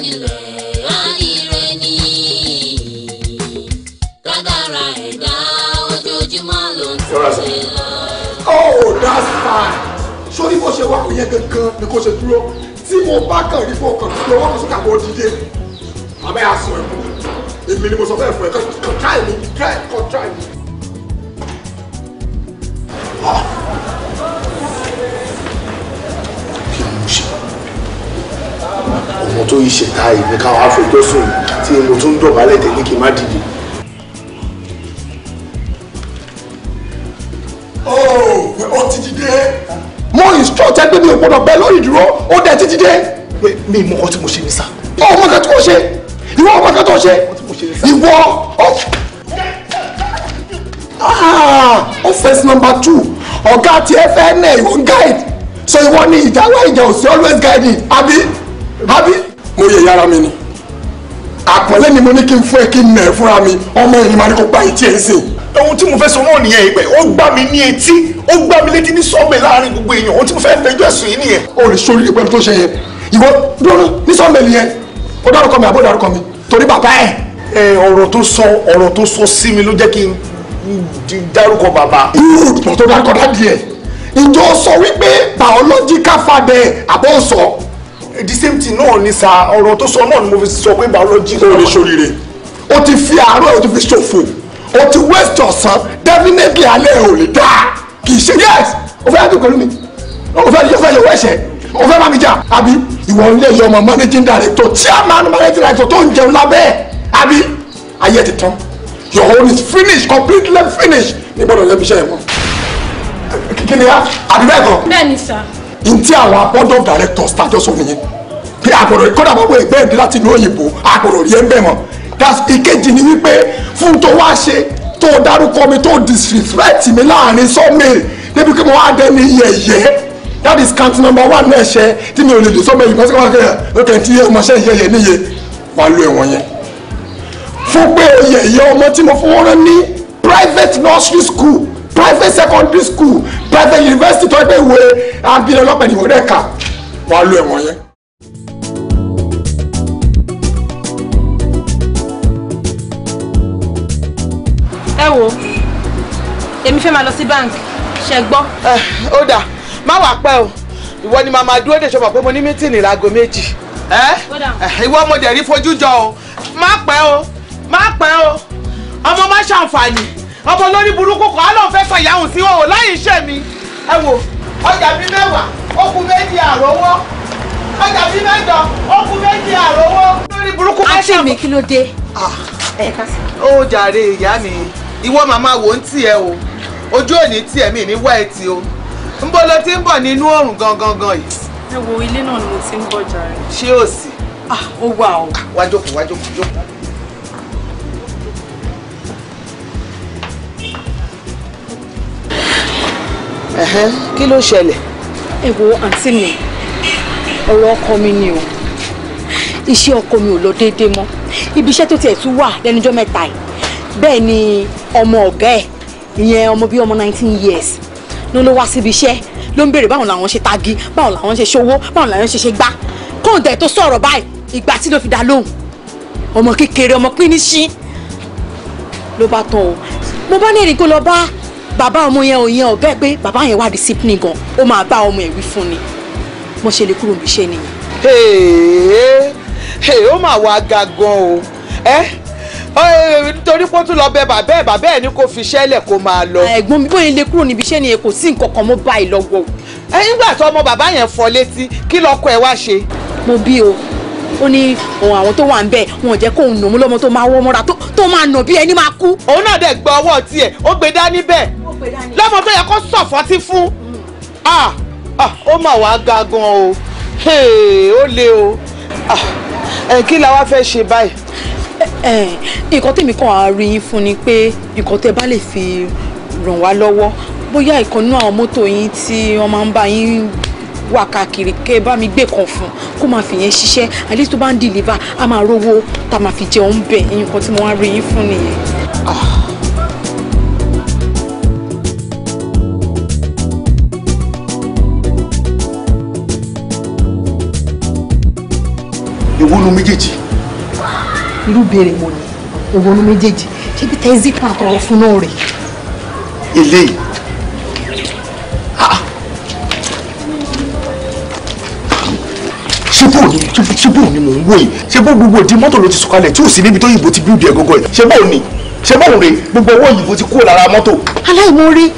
Oh, that's fine. Sórí bó ṣe wá kò yẹ gangan ni kò ṣe dúró. Tí mo bá kàn rí fún ọkàn tó wọ́n sókè àbọ̀ dídé. Àbẹ́ àsùn ẹ̀kú. Èmi ni mo sọ fẹ́ fún ẹ. Kàn try mi, try, ọmọ tó yìí ṣètà èmi káwọn afẹjọ́sùn tí mo tún dọ̀bálẹ̀ tẹ̀ ní kí n má dìde. ó ti dìde. mo instruct ẹgbẹ́ mi ò gbọ́dọ̀ bẹ́ẹ̀ lórí ìdúró ó dẹ̀ ti dìde. mi mọ̀ ọ́ tí mo ṣe ní sá. ọmọ kan tí mo ṣe ìwọ ọmọ kan tó ṣe ìwọ offense ah, number two ọ̀gá tí ẹ fẹ́ nẹ̀ ìwọ guide so ìwọ ni ìdáwọ́ ìjà ò sí always guiding, àbí àbí mo ye yara mi ni àpọ́nlé ni mo ní kí n fún ẹ kí n nà ẹ fúnra mi ọmọ yìí máa ní kó gba etí ẹ sí. ohun tí mo fẹ́ sọ náà nìyẹn ìpẹ́ ó gbá mi ní etí ó gbá mi létí ní sọ́ọ̀mẹ̀ láàrin gbogbo èèyàn ohun tí mo fẹ́ fẹjọ́ ẹ̀sùn yìí nìyẹn. o lè sori ìpẹ́ tó ṣe yẹn ìwọ dúró ní sọ́ọ̀mẹ̀lì yẹn ó dárúkọ mi àbó dárúkọ mi torí bàbá ẹ̀. ẹ ọ̀rọ̀ tó sọ ọ̀rọ̀ tó sọ sí mi ló jẹ́ kí n dárúkọ bàbá. ìrù tó dárúkọ dá the same thing náà ni sa ọ̀rọ̀ tó sọ náà ni mo fi sọ pé biology ló lè ṣoríire o ti fi àárọ̀ o ti fi ṣòfò o ti waste ọ̀sán definitely alẹ́ ò lè dáa kì í ṣe yes o fẹ́ àdúgbò mi o fẹ́ yọ fẹ́ yọ ẹ̀ṣẹ̀ o fẹ́ bá mi jà àbí ìwọ ilé yọ ọmọ managing director chairman managing director tó ń jẹun lábẹ́ àbí ayé ti tán your own is finished completely finished ní gbọ́dọ̀ lẹ́bi iṣẹ́ yẹn mọ́ kí ni a àbí kọ́. bẹ́ẹ̀ sá ntí àwọn board of directors tàjọ sọ nìyẹn pé àgbọ̀dọ̀ kọ́dà bọ́ pé ìgbẹ́ ìdí láti ìlú òyìnbó àgbọ̀dọ̀ rí ẹ ń bẹ̀ mọ́ ìkejì ni wípé fún tó wá ṣe tó dárúkọ mi tó disrespect mi láàrin sọ́mẹ̀rì débi pé mo wá dẹni yẹ̀yẹ́ that is count number one náà ṣe tí mi ò lè lè sọ́mẹ̀rì kan sí wọn kẹ́yà lókè tí ọmọṣẹ́ yẹ̀yẹ́ níye wà ló ẹ̀wọ̀n yẹn. fún pé yẹ̀yẹ́ ọmọ tí mo fowó rán ní private nursery school private secondary school private university tó gbé ìwé abilẹ̀ ọlọ́pàá ìwé rẹ̀ kà wàá lo ẹ̀wọ̀n yẹn. ẹ wo èmi fẹ́ máa lọ sí bank ṣe gbọ́. ó dà má wàá pẹ́ o ìwọ ni màmá dúró dè sọmọ pé mo ní mítìnì láago méjì ìwọ mo dẹ̀ rí fojú jọ o má pẹ́ o má pẹ́ o ọmọ má ṣàǹfààní ọmọ olórí burúkú kan á lóun fẹ́ fàyàwó sí o láyé iṣẹ́ mi ẹ wò ọjà bíi mẹ́wàá ó kù méjì àròwọ́ ọjà bíi mẹ́jọ ó kù méjì àròwọ́. olórí burúkú kan ṣe mi kí ló dé. Ah. ó jàre ìyá mi ìwọ màmá wò ń tì ẹ o ojú òní tì ẹ mi mi wá etí o ń bọ́ ló ti ń bọ̀ nínú òrùn gangan gan yìí. ẹ wo ilé náà ni mo ti ń bọ̀ jàre. ṣé o sì. Ah, ó wà o. Ah, wá jókòó wá jókòó jókòó. kí ló ṣẹlẹ̀. ẹ wo àǹtí mi ọ̀rọ̀ ọkọ mi ni o iṣẹ́ ọkọ mi ò lọ déédéé mọ́ ibi iṣẹ́ tó tiẹ̀ tún wà lẹ́nujọ́ mẹ́ta yìí bẹ́ẹ̀ ni ọmọ ọ̀gá ẹ̀ ìyẹn ọmọ bíi ọmọ nineteen years ló ló wá síbi iṣẹ́ ló ń béèrè báwọn làwọn ṣe tagi báwọn làwọn ṣe ṣòwò báwọn làwọn ṣe ṣe gbá kóńtẹ̀ tó sọ̀rọ̀ báyìí ìgbà tí ló fi dá lóhùn ọmọ kékeré ọmọ pínísín ló bá tán o mo bá ní èrè kó lọ bá bàbá ọmọ yẹn ò yẹn ò bẹ́ẹ̀ pé bàbá yẹn wà discipline gan ó máa bá ọmọ ẹ̀ wí fún ni mo ṣe lè kúrò níbi iṣẹ́ nìyẹn. ee ó mà wá ga gan o ẹ nítorí pé ó tún lọ bẹ bàbá ẹ bàbá ẹ ní kó fi iṣẹ́ lẹ̀ kó máa lọ. ẹ̀gbọ́n mi bóyá lè kúrò níbi iṣẹ́ nìyẹn kò sí nǹkan kan mo bá ẹ lọ́wọ́. ẹ nígbà tó ọmọ bàbá yẹn fọ létí kí lọkọ ẹ wá ṣe. mo bí o ó ní òun àwọn tó wà ń bẹ wọn ò jẹ́ kóun nà mú lọ́mọ tó máa wọ́ mọ́ra tó máa nà bí ẹni máa kú. òun náà dẹ̀ gbọ́ ọwọ́ tiẹ̀ ó gbé dání bẹ́ẹ̀ lọ́mọ tó yẹ kó sọ̀fọ́tí fún mm. ah, ah, ó mà wá ga gan o ó le o ah, kí la wá fẹ́ ṣe báyìí. nǹkan tèmi kan á rí yín fún ni pé nǹkan tẹ́ bá lè fi ràn wá lọ́wọ́ bóyá ìkànnú àwọn mọ́tò yín tí wọ́n máa ń bá yín wà káàkiri kẹ bá mi gbé kan fún kó máa fi yẹn ṣiṣẹ́ àlejò tó bá ń dìlíbà á máa rówó tá a máa fi jẹun bẹ̀ ẹ̀yìn tí mo wá rí yín fún nìyẹn. ìwúnú méjèèjì. irú béèrè mo ní ìwúnú méjèèjì ṣé bí tẹ zipa tọrọ fún náà rè. eléyìí ah. ṣubú ni ṣubú ni mò ń wò yìí ṣé bó gbogbo ìdí mọ́tò ló ti sọ̀kalẹ̀ tí ò sí níbi tó yìnbó ti bíúdì ẹ̀ gọ́gọ́ yìí ṣé báwo ni ṣé báwo rè gbogbo owó yìnbó ti kúrò lára mọ́tò. aláìmoore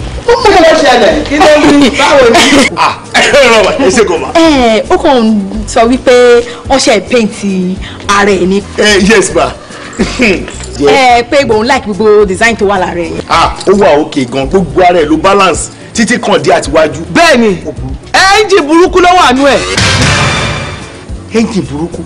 kí ló ṣẹlẹ̀ kí ló wí báwo ni. ẹ ṣe kò mà. ẹ ó kàn ń sọ wípé wọn ṣe paint ara ẹ ni. ẹ yes ma. ẹ pé gbòòrùn láì gbogbo design tó wà lára ẹ. ah ó wà òkè gan gbogbo ara ẹ ló balance títí kan dé àtiwájú. bẹ́ẹ̀ni ẹnjìn burúkú ló wà nú ẹ. ẹnjìn burúkú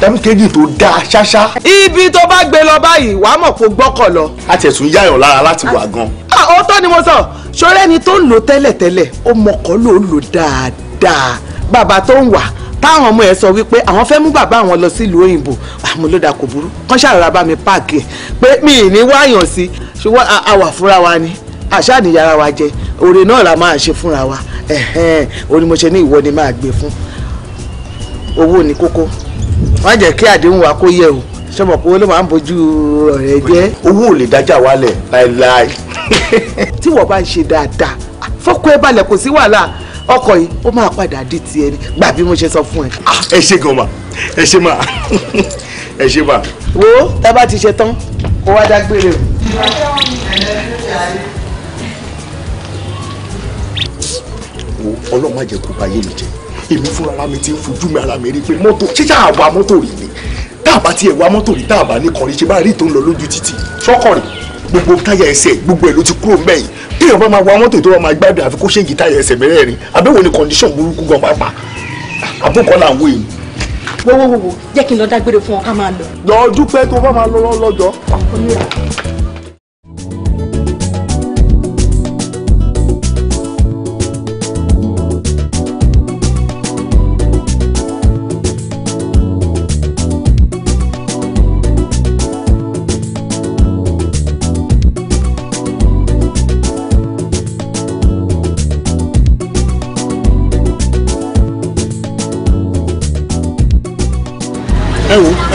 dámkejì tó dáa ṣáṣá. ibi tó bá gbé lọ báyìí wàá mọ̀ kó gbọ́kọ̀ lọ. a tẹ̀sùn yáyọ̀ lára láti wà gan. Ah, òótọ́ ni mo sọ ṣọlá ẹni tó ń lò tẹ́lẹ̀tẹ́lẹ̀ ó mọkọ́ ló ń lò dáadáa bàbá tó ń wà táwọn ọmọ ẹ sọ wípé àwọn fẹ́ mú bàbá àwọn lọ sílùú òyìnbó àmọ́ ah, kò burú kán ṣàrọ̀rọ̀ bá mi páàkì ẹ̀ pé mi ì ní wáyàn sí ṣùgbọ́n àwà fúnra wa ni àṣà nìyára wa jẹ òrè náà la máa ṣe fúnra wa ó mo ṣe ní ìwọ ni máa gbé fún owó ní kókó wọ́n jẹ́ kí àdéhùn wa kó yẹ o sọmọ pé ló ń bójú ọ̀rẹ́ jẹ́. owó ò lè dájà wálẹ̀ láéláé. tí wọ́n bá ń ṣe dáadáa fọ́kọ ẹ balẹ̀ kò sí wàhálà ọkọ yìí ó máa padà di ti ẹni gbà bí mo ṣe sọ fún ẹ. Ah, ẹ ṣe gan ma ẹ ṣe ma ẹ ṣe ma. wo tá a bá ti ṣe tán kó wá dágbére o. wo ọlọ́mọ àjẹkù bá yé mi jẹ èmi fúnra mi ti fojú mi ara mi rí i pé mọ́tò ṣíṣe àwa mọ́tò rí ni tá a bá tiẹ̀ wá mọ́tò yìí tá a bá ní kọrin ṣe bá rí tó ń lọ lójú títì sọ́kọ̀rì gbogbo táyà ẹsẹ̀ gbogbo ẹ̀ ló ti kúrò ńbẹ̀ yìí téèyàn bá máa wá mọ́tò tó bá máa gbádùn àfi kó ṣe yìí táyà ẹsẹ̀ bẹ̀rẹ̀ rìn àbẹ̀wò ni condition burúkú gan pàápàá àbúkọ́ là ń wé yìí. wo wo wo jẹ́ kí n lọ dágbére fún ọ ká máa lọ. lọ́ọ́ dúpẹ́ tó bá máa lọ́wọ́ lọ́jọ́.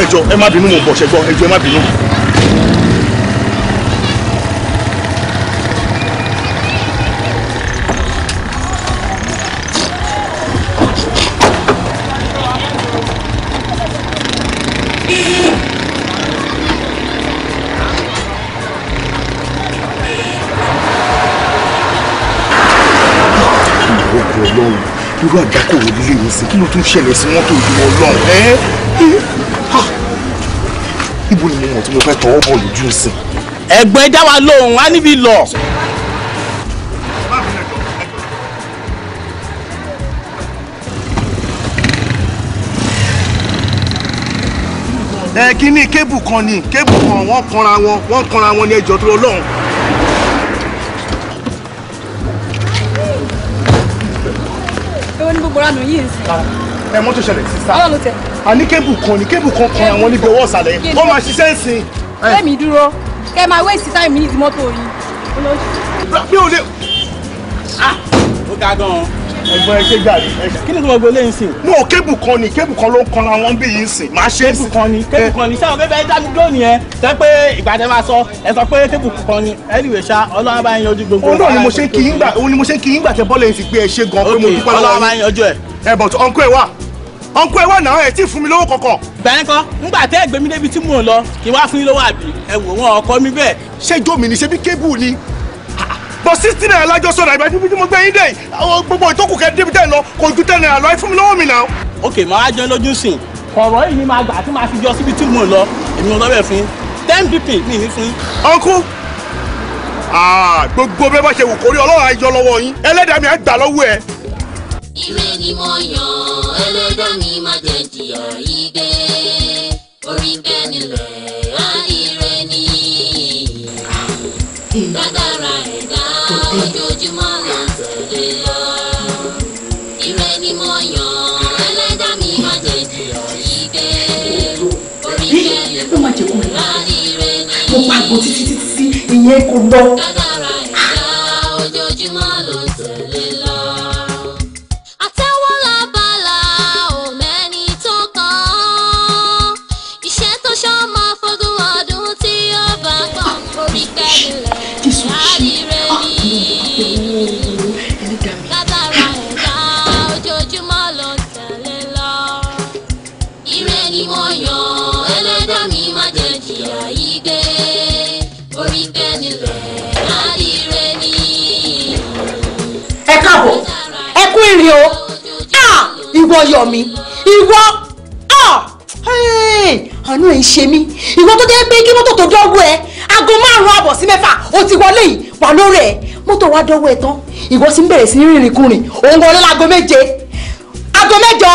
ẹjọ ẹ má bínú mò ń bọ̀ ṣẹgbọ́ ẹjọ ẹ má bínú. irú àgbákò wo lílé yìí sí kí ló tún ṣẹlẹ̀ sí mọ́tò ìlú ọlọ́run ẹ́ ibo ni mo mọ̀ tí mo fẹ́ tọwọ́ bọ̀ lójú ìsìn. ẹ̀gbọ́n ẹ dá wa lóhùn á níbi lọ. ẹ kí ni kébù kan ni kébù kan wọ́n kanra wọn wọ́n kanra wọn ní ẹjọ́ tó lọ́hùn. ewo ni gbogbo ranu yìí ń sìn. ẹ mọ́tò ṣẹlẹ̀ sísá. ọlọ́run tẹ a ní kébù kan ní kébù kan kan àwọn níbi ọwọ́ ìsàlẹ̀ yẹn wọ́n máa ṣiṣẹ́ ìsìn. kẹ́mi dúró kẹ́ máa wé sí táìmì nídìí mọ́tò yìí. mi ò lè. Ah! ó ga gan-an. ẹ̀gbọ́n ẹ ṣe gàrí. kí ni gbogbo eléyìí sìn. mo ò kébù kan ní kébù kan ló ń kan àwọn bí yìí sìn máa ṣe é sìn. kébù kan ní kébù kan ní sáwọn bẹ́ẹ̀ bẹ́ẹ̀ dájú dúró nìyẹn tẹ́ pé ìgbà tẹ́ máa sọ ẹ sọ pé kébù kan ní ẹ̀rìwé ni mo ṣe ń kí yín gbà tẹ bọ́ọ̀lù yìí ti gbé ẹ mo dúpẹ́ lọ́wọ́ yín. ọlọ́run bá yanjú ẹ. ẹ bọ̀t ọ̀nkú ẹ ọ̀nkú ẹ wà náà ẹ tí fún mi lówó kọ̀kọ̀. bẹ́ẹ̀ kọ́ ńgbà tẹ́ ẹ̀gbẹ́ mi débi tí mò ń lọ kí wá fún yín lówó àbí ẹ wò wọn ọkọ mi bẹ́ẹ̀. ṣé jó mi ni ṣe bí kébù ni bọ sísítì náírà lájọ sọ̀rọ̀ ìgbà tí mo gbé yín dé gbogbo ìtókù kẹ débi tẹ́ lọ kò ju tẹ́ náírà lọ ẹ fún mi lọ́wọ́ mi náà. ok màá jẹun lójú sìn ọ̀rọ̀ yìí ni màá gbà tí màá fi yọ síbi tí mò ń lọ èmi ò lọ bẹ̀ fún ten bp mi ní fún. ọkú ah, gbogbo bẹ́ẹ̀ bá ṣe wù kórí ọlọ́run àìjọ lọ́wọ́ yín ẹlẹ́dàá mi á gbà lọ́wọ́ ẹ ire ni mo yàn ẹlẹ́dà mi má jẹ́ jìyà igbe orí bẹ́ẹ̀ nílẹ̀ á ire ni dágbára ẹ̀dá ojoojúmọ́ là ń tẹ̀lé lọ ire ni mo yàn ẹlẹ́dà mi má jẹ́ jìyà pa àgbo títí títí ìyẹn kò lọ. dágbára ẹ̀dá ojoojúmọ́ ló ń tẹ̀lé. ni o ìwọ yọ̀mí ìwọ àánú ẹ̀ ń ṣe mí ìwọ tó dé pé kí mọ́tò tó dọ́wọ́ ẹ aago márùn-ún àbọ̀ sí mẹ́fà ó ti wọlé yìí wà lórí ẹ̀ mọ́tò wa dọ́wọ́ ẹ tán ìwọ sì ń bẹ̀rẹ̀ sí rìnrìn kùnrin òun wọlé láago méje aago mẹ́jọ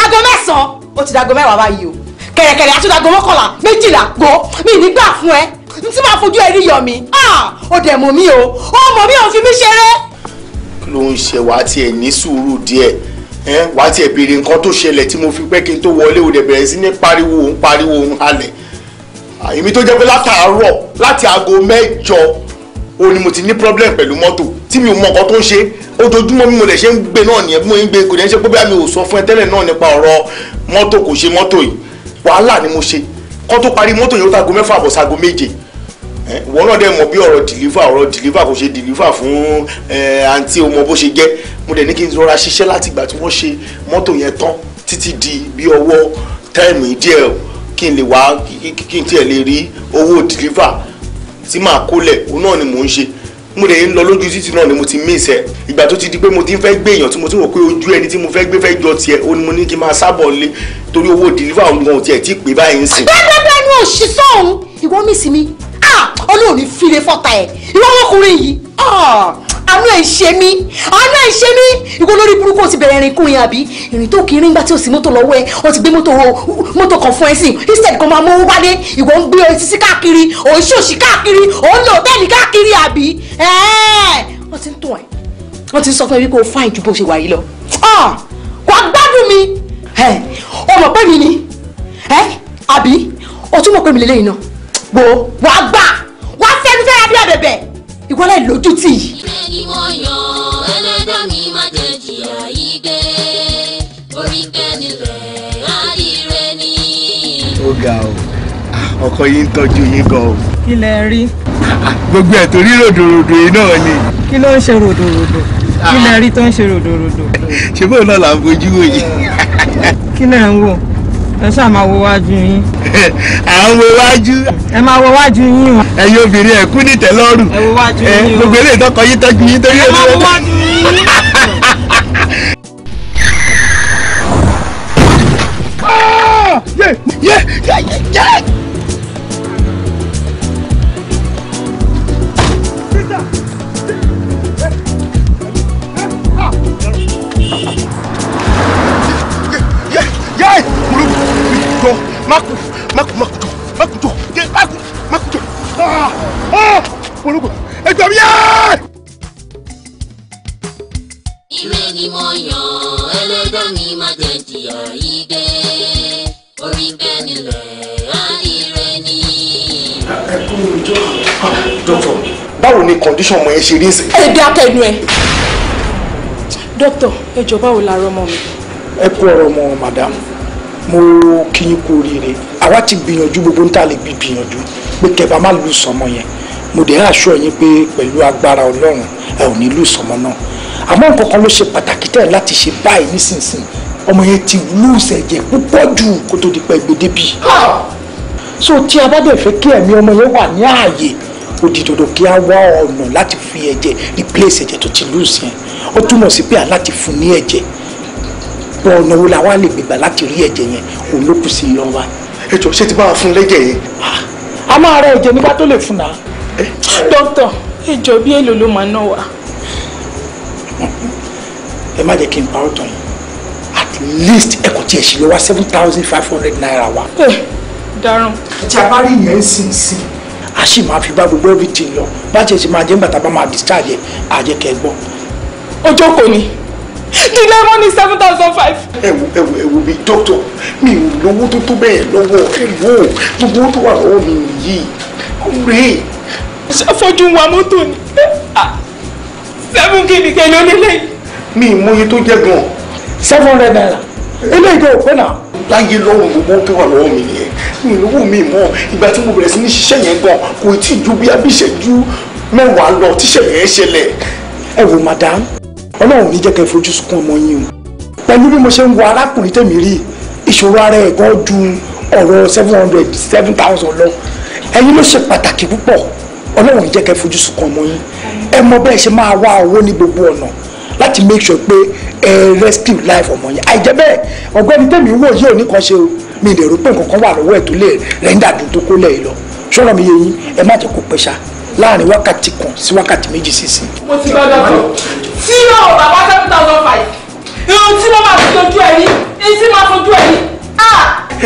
aago mẹ́sàn-án ó ti dàgọ́ mẹ́wàá báyìí o kẹ̀rẹ̀kẹ̀rẹ̀ àti dàgọ́ mọ́kànlá méjìlá go. mi nígbà fún ẹ n tí máa fojú ẹ rí yọ̀ mí ó dẹ̀ mọ̀ mí o ó mọ̀ mí ò fi mí ṣeré ló ń ṣe wàá tiẹ̀ ní sùúrù díẹ̀ wàá tiẹ̀ béèrè nǹkan tó ṣẹlẹ̀ tí mo fi pẹ́ kí n tó wọlé o dẹ̀ bẹ̀rẹ̀ sí ní pariwo òun pariwo òun halẹ̀ èmi tó jẹ́ pé látàárọ̀ láti aago mẹ́jọ o ni mo ti ní problem pẹ̀lú mọ́tò tí mi ò mọ nǹkan tó ń ṣe ojoojúmọ́ bí mo lè ṣe ń gbé náà nìyẹn bí mo ń gbé kò ní ṣe pé bí mi ò sọ fún ẹ tẹ́lẹ̀ náà nípa ọ̀rọ̀ mọ́tò kò ṣe mọ́tò yìí wàhálà ni mo ṣe kó tó parí mọ́tò yìí ó tàgó mẹ́fà àbọ̀sàgó méje ìwọ náà dẹ̀ mọ̀ bí ọ̀rọ̀ deliver ọ̀rọ̀ deliver kò ṣe deliver fún àǹtí ọmọ bó ṣe jẹ́ mo dẹ̀ ní kí n rọra ṣiṣẹ́ láti ìgbà tí wọ́n ṣe mọ́tò yẹn tán títí di bí ọwọ́ táìmù díẹ̀ kí n lè wá kí n tiẹ̀ lè rí owó deliver tí màá kólẹ̀ òun náà ni mò ń ṣe mo lè ń lọ lójú títì náà ni mo ti miss ẹ ìgbà tó ti di pé mo ti ń fẹ́ gbé èèyàn tí mo ti rò pé ojú ẹni tí mo fẹ́ gbé fẹ́ jọ tiẹ̀ ó ní mo ní kí n máa sábọ̀ lé torí owó deliver òun gan tiẹ̀ tí pé báyìí ń sìn. bẹ́ẹ̀ bẹ́ẹ̀ bẹ́ẹ̀ ni òṣìṣẹ́ òun ìwọ mi sì mi Ọlọ́run ní fire fọ́ta ẹ̀ ìwọ ọmọkùnrin yìí ah, àánú ẹ̀ ń ṣe mí àánú ẹ̀ ń ṣe mí ìwọ lórí burúkú ó ti bẹ̀rẹ̀ ìrìn kùnrin àbí ìrìn tó kiri ńgbà tí o sì mọ́tò lọ́wọ́ ẹ o ti gbé mọ́tò mọ́tò kan fún ẹ sí instead kan máa mówó wálé ìwọ ń gbé etí sí káàkiri ò ń ṣòṣì káàkiri ò ń lò bẹ́ẹ̀ ní káàkiri àbí wọ́n ti ń tún ẹ̀ wọ́n ti sọ fún ẹ wípé o fáìn ju bó ṣe wà yìí lọ ah, kò gbádùn mi ọmọ mi ni àbí o tún mọ̀ pé mi lélẹ́yìn náà wò wá gbà wàá fẹnu fẹ́ra bí ọ̀bẹ̀bẹ̀ ìwọlẹ̀ lójútì. ìfẹ́ ni mo yàn ẹlẹ́dàá mi má jẹ́ jìyà yìí gbé orí pẹ́ nílẹ̀ ni. ó ga o ọkọ yìí ń tọ́jú yín gan o. kí lẹ rí. gbogbo ẹ̀ torí ròdòròdò yìí náà ni. kí ló ń ṣe ròdòròdò kí lẹ rí tó ń ṣe ròdòròdò. ṣé bóun náà là ń fojú wò yìí. kí lẹ ń wò ẹ ṣáà máa wo wájú yín. à ń wo wájú. ẹ máa wo wájú yín o. ẹ̀yin obìnrin ẹ kú nìtẹ́ lọ́rùn. ẹ wo wájú yín o. gbogbo eré ìtọ́kọ yín tọ́jú yín torí ẹ máa wo wájú yín. yé yé yé yé. Maku, Maku, Maku jọ, Maku jọ, Maku, Maku jọ. Ológo, ẹ gbà mí yá. Ire ni mo yàn, ẹlẹ́dàá mi máa jẹ jìyà igbe, orí bẹ́ẹ̀ nílẹ̀, á ire ni. Ẹ kú ọjọ́ ah, dọ́tọ̀. Báwo ni kọ̀ndíṣọ̀n ọmọ yẹn ṣe la rọ mi? Ẹ kú madam mo kí yín kú oríire àwa ti gbìyànjú gbogbo ń tà lè gbìyànjú pé kẹba má lù sọmọ yẹn mo dẹ̀ àṣọ yín pé pẹ̀lú agbára ọlọ́run ẹ ò ní lù sọmọ náà àmọ́ nǹkan kan ló ṣe pàtàkì tẹ̀ láti ṣe báyìí nísinsìnyí ọmọ yẹn ti lùsẹ̀ ẹ̀jẹ̀ púpọ̀ jù kó tó di pẹ́ gbèdébì so tí a bá dẹ̀ fẹ́ kí ẹ̀mí ọmọ yẹn wà ní ààyè ó di dandan kí a wá ọ̀nà láti fi ẹ̀jẹ̀ replace ẹ̀jẹ̀ tó ti lùsẹ̀ ó túmọ̀ sí pé a láti fún ní ẹ̀jẹ̀ ọ̀pọ̀ ọ̀nà wo la wá lè gbégbà láti rí ẹ̀jẹ̀ yẹn òun ló kù sí i lọ́wọ́. ẹ jọ ṣé ti bá wa fún lẹ́jẹ̀ yẹn. Ah, a máa rẹ ẹ̀jẹ̀ nígbà tó lè fún náà. dókítà ẹ jọ bí èlò ló máa ná wa. ẹ má jẹ́ kí n parọ́ tán yìí at least ẹ kò tiẹ̀ sí lọ wá seven thousand five hundred naira wa. darun. tí a bá rí ìyẹn sìn sìn a sì máa fi bá gbogbo everything lọ bá a ṣe ṣe máa jẹ́ nígbà tá a bá máa discharge àjẹkẹ́ gbọ́. ọjọ́ kò ní. The wọn is seven thousand five. ẹ wo ẹ wo ẹ wo mi dókítà mi ò lówó tó tó bẹ́ẹ̀ lọ́wọ́ ẹ wo gbogbo owó tó wà lọ́wọ́ mi nìyí ọ̀rẹ́. ṣàfọ́jú wa mọ́tò ni ah, seven kìíní kẹlẹ́ onílé. mi ìmọye tó jẹ gan. seven hundred naira eléyìí tó pẹ́ náà. láyé lọ́rùn gbogbo tó wà lọ́wọ́ mi nìyẹn mi ìlówó mi mọ ìgbà tí mo bẹ̀rẹ̀ sí ní ṣiṣẹ́ yẹn gan kò tí ì ju bí abíṣẹ́jú mẹ́wàá lọ tíṣẹ̀ yẹn ṣẹlẹ̀. ẹ wo madam ọlọ́run ní jẹ́ kẹ́ fojú sunkún ọmọ yín o pẹ̀lú bí mo ṣe ń wo arákùnrin tèmi rí ìṣòro ara ẹ̀ gan ju ọ̀rọ̀ seven hundred seven thousand lọ ẹ̀yin ló ṣe pàtàkì púpọ̀ ọlọ́run ní jẹ́ kẹ́ fojú sunkún ọmọ yín ẹ mọ bẹ́ẹ̀ ṣe máa wá owó ní gbogbo ọ̀nà láti make sure pé ẹ rescue life ọmọ yín àìjẹ́ bẹ́ẹ̀ ọ̀gbẹ́ni tèmi wò yìí ò ní kan ṣe o mi lè rò pé nǹkan kan wà lọ́wọ́ ẹ̀ tó lè rẹ́ńdà dùn tó kó lẹ̀ lọ ṣọ́rọ̀ mi yẹ yín ẹ má jẹ́ kó pẹ́ ṣáá láàrin wákàtí kan sí wákàtí méjì sísìn. mo ti bá dàgbọ́ tí yóò bàbá seven thousand five irun tí wọ́n máa fi dojú ẹ̀rí èyí tí máa fojú ẹ̀rí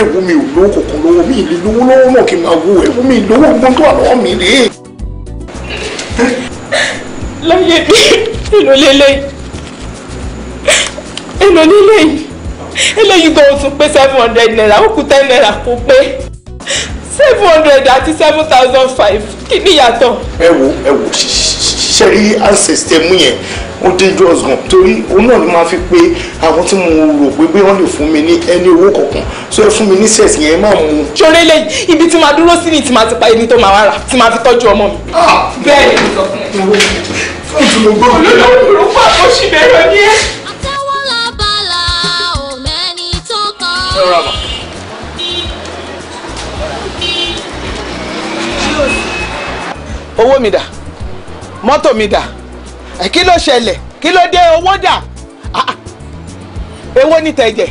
ẹ wù mí ò lówó kòkó lọ́wọ́ mi ìlú lówó lọ́wọ́ náà kí n máa wo ẹ wù lówó gbọ́n tó wà lọ́wọ́ mi rèé. láyé mi èlò lélẹ́yìn èlò lélẹ́yìn eléyìí gan-an tún pé seven hundred naira ó kù ten naira kò pé seven hundred àti seven thousand five kí ni ìyàtọ̀. ẹ wo ẹ wo ṣe rí access tẹ mú yẹn ó dangerous gan torí òun náà ni máa fi pé àwọn tí mo rò pé bí wọ́n lè fún mi ní ẹni owó kankan so ẹ fún mi ní sex yẹn máa mú. ṣoré lè ibi tí màá dúró sí ni tí màá ti pa ẹni tó màá wá rà tí màá fi tọ́jú ọmọ mi. Ah, bẹ́ẹ̀ ni mo sọ fún ẹ. olùdókòwò ló pa oṣù mẹ́rin ní ẹ. àtẹwọ́lá bàlá ò mẹ́ni tó owó mi dà mọ́tò mi dà kí ló ṣẹlẹ̀ kí ló dé owó dà ah, ah. èwo ni tẹ̀jẹ̀.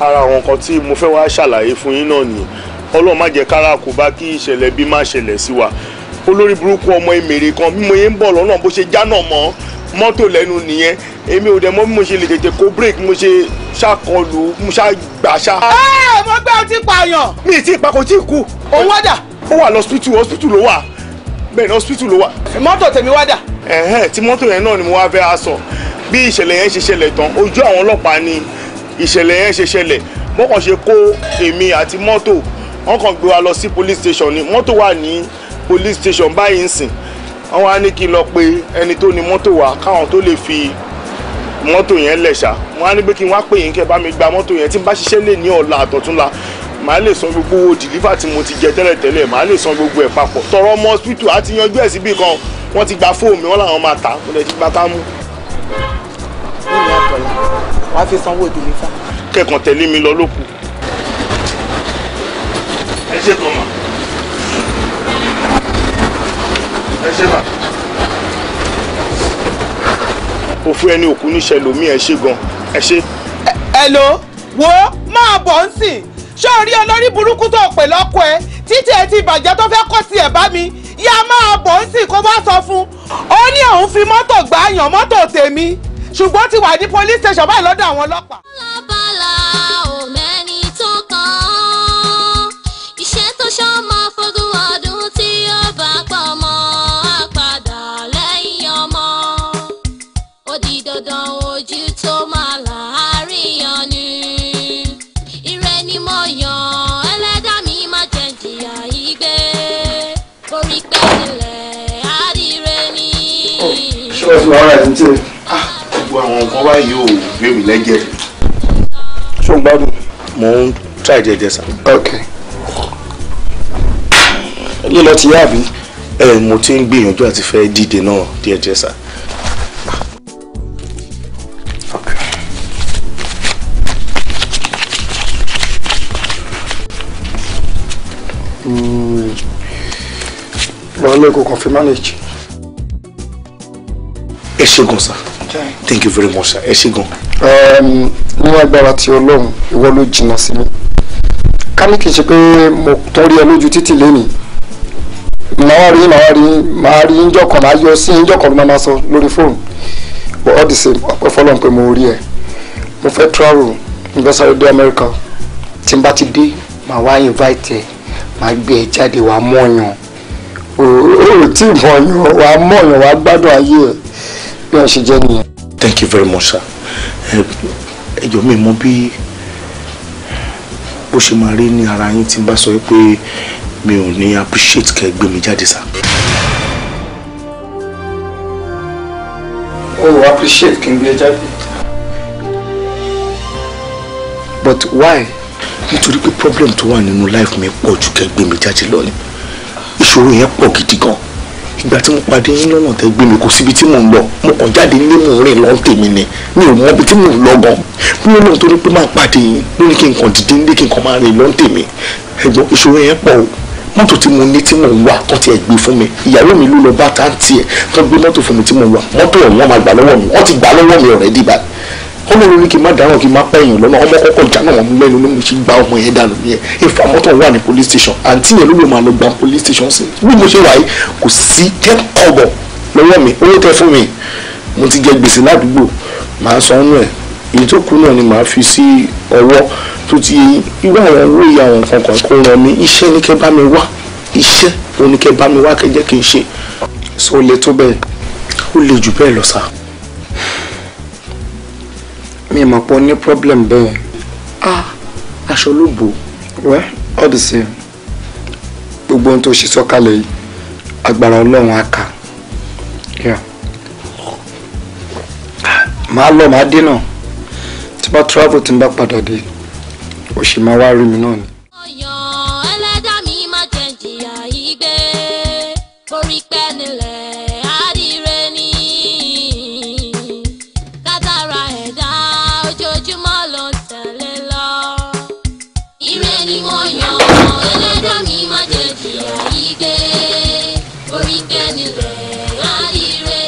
ara àwọn nǹkan tí mo fẹ́ wá ṣàlàyé fún yín náà nìyẹn ọlọ́run má jẹ́ kára kò bá kí ìṣẹ̀lẹ̀ bí má ṣẹlẹ̀ sí wa olórí burúkú ọmọ èmèrè kan bí mo yẹn ń bọ̀ lọ́nà bó ṣe jáná mọ́ mọ́tò lẹ́nu nìyẹn èmi ò dẹ̀ mọ̀ bí mo ṣe lè tètè kó break mo ṣe ṣàkọlù mo ṣàgbàṣà. ẹ mo gbé ọtí pààyàn. mi ì tí ì pa kò tí ì kú. owó dà. ó wà lọ́sítù hospital ló wà bẹ́ẹ̀ ni hospital ló wà. mọ́tò tèmi wá dà. ẹ̀hẹ́n tí mọ́tò yẹn náà ni mo wá fẹ́ aṣọ bí ìṣẹ̀lẹ̀ yẹn ṣe ṣẹlẹ̀ tán ojú àwọn ọlọ́pàá ni ìṣẹ̀lẹ̀ yẹn ṣe ṣẹlẹ̀ mọ́kàn ṣe kó èmi àti mọ́tò wọn kàn gbé wa lọ sí police station ni mọ́tò wà ní police station báyìí ń sìn wọn wá ní kí n lọ pé ẹni tó ni mọ́tò wa káwọn tó lè fi mọ́tò yẹn lẹ̀ ṣá wọn á ní pé kí n wá pè yín kẹ́ bá mi gba mọ́tò yẹn tí n bá ṣiṣẹ́ lè ní ọ̀la àtọ̀túnla màá lè san gbogbo owó deliver tí mo ti jẹ tẹ́lẹ̀tẹ́lẹ̀ màá lè san gbogbo ẹ̀ papọ̀ tọrọ ọmọ hospital àti yanjú ẹ̀ síbì kan wọ́n ti gba fóònù mi wọ́n làwọn máa tà mo lè ti gba támú. nílùú àtọ̀là wàá fi sanwó deliver. kẹ́kàn tẹ̀lé mi lọ lókun. ẹ ṣe kàn mà ẹ ṣe mà. òfin ẹni òkú níṣẹ́ lomi ẹ ṣe gan ẹ ṣe. ẹ lo wo máa bọ̀ ń sìn ṣé o rí olórí burúkú tó pè lọ́kọ ẹ títí ẹ ti bàjẹ́ tó fẹ́ kọ́ sí ẹ̀ bá mi yá máa bọ̀ ń sì kó bá sọ fún un ó ní òun fi mọ́tò gbààyàn mọ́tò tèmi ṣùgbọ́n ti wà ní police station báyìí lọ́dọ̀ àwọn ọlọ́pàá. ṣọ́ọ̀ṣì wà ọ̀rẹ́ àti tiẹ̀. gbogbo àwọn nǹkan báyìí ò gbé mi lẹ́jẹ̀. ṣó ń gbádùn. mò ń tra ìjẹjẹ sá. ok lílọ ti yá àbí. ẹ mo ti ń gbìyànjú àti fẹ́ dìde náà díẹ̀ díẹ̀ sá. lọ́ọ́lẹ́kọ̀ọ́ kan fi manage ẹ ṣé gan thank you very much sir ẹ ṣé nínú agbára ti ọlọ́run ìwọ ló jìnnà sí mi ká ní kì í ṣe pé mo tún ẹ lójú títì lẹ́nìí màá rí màá rí màá rí yíjọ́ màá yọ sí yíjọ́ ló máa sọ lórí fóònù but all the same ọpẹ́ fọlọ́n pé mo rí ẹ mo fẹ́ travel investment dé America tí n bá ti dé màá wá invite ẹ màá gbé ẹ jáde wàá mọ̀yàn o ò wàá mọ̀yàn wàá gbádùn ayé ẹ bí a ṣe jẹ́ nìyẹn. thank you very much sir ẹ jọ̀ọ́ mi mọ̀ bí bó ṣe máa rí ní ara yín tí n bá sọ pé mi ò ní appreciate kẹ́ gbé mi jáde sá. o oh, appreciate kí n gbé jáde. but why. nítorí pé problem tó wà nínú life mi pọ̀ ju kẹ́ gbé mi jáde lọ ni ìṣòro yẹn pọ̀ gidi gan ìgbà tí mo pàdé yín lọ́nà tẹ́ gbé mi kò síbi tí mò ń lọ mo kàn jáde nílé mò ń rìn lọ tèmi ni mi ò mọ ibi tí mò ń lọ gan bí wọn náà torí pé máa pàdé yín lórí kí n kàn dìde nílé kí n kàn máa rìn lọ tèmi ẹ̀gbọ́n ìṣòro yẹn pọ̀ o mọ́tò tí mo ní tí mo wà tó tiẹ̀ gbé fún mi ìyàwó mi ló lọ bá táǹtì ẹ̀ tó gbé mọ́tò fún mi tí mo wà mọ́tò ọ̀hún wọn máa gbà lọ́wọ́ mi wọ́n ti gbà lọ́wọ́ mi ọ̀rẹ́dì báyìí ọmọ mi ní kí n má dáràn kí n má pẹ̀yìn lọ́nà ọmọ kọ́kọ́ jáná wọn lẹ́nu ní mo ṣe gba ọmọ yẹn dànù nìyẹn ìfà mọ́tò wà ní police station àǹtí yẹn ló lè máa lọ gba police station sí bí mo ṣe wà yìí kò sí tẹ́ kọ̀bọ̀ lọ́wọ́ mi owó tẹ fún mi mo ti jẹ gbèsè ládùúgbò màá san ọ́nù ẹ̀ èyí tó kù náà ni màá fi sí ọwọ́ tó ti irú àwọn owó ìyá àwọn kankan kó ràn mí iṣẹ́ ní kẹ́ bá mi wá iṣẹ́ òní kẹ́ bá mi wá kẹ́ jẹ́ kí n ṣe. sọ le tó bẹ́ẹ̀ ó le jù bẹ́ẹ̀ lọ sáà mi mọ̀ pé ní problem bẹ́ẹ̀ ah aṣọ ló bò wẹ́ all the same gbogbo ohun tó ṣe sọ́kalẹ̀ yìí agbára ọlọ́run á kà máa lọ máa dínà tí bá travel tí n bá padà dé ó máa wá rí mi náà ni.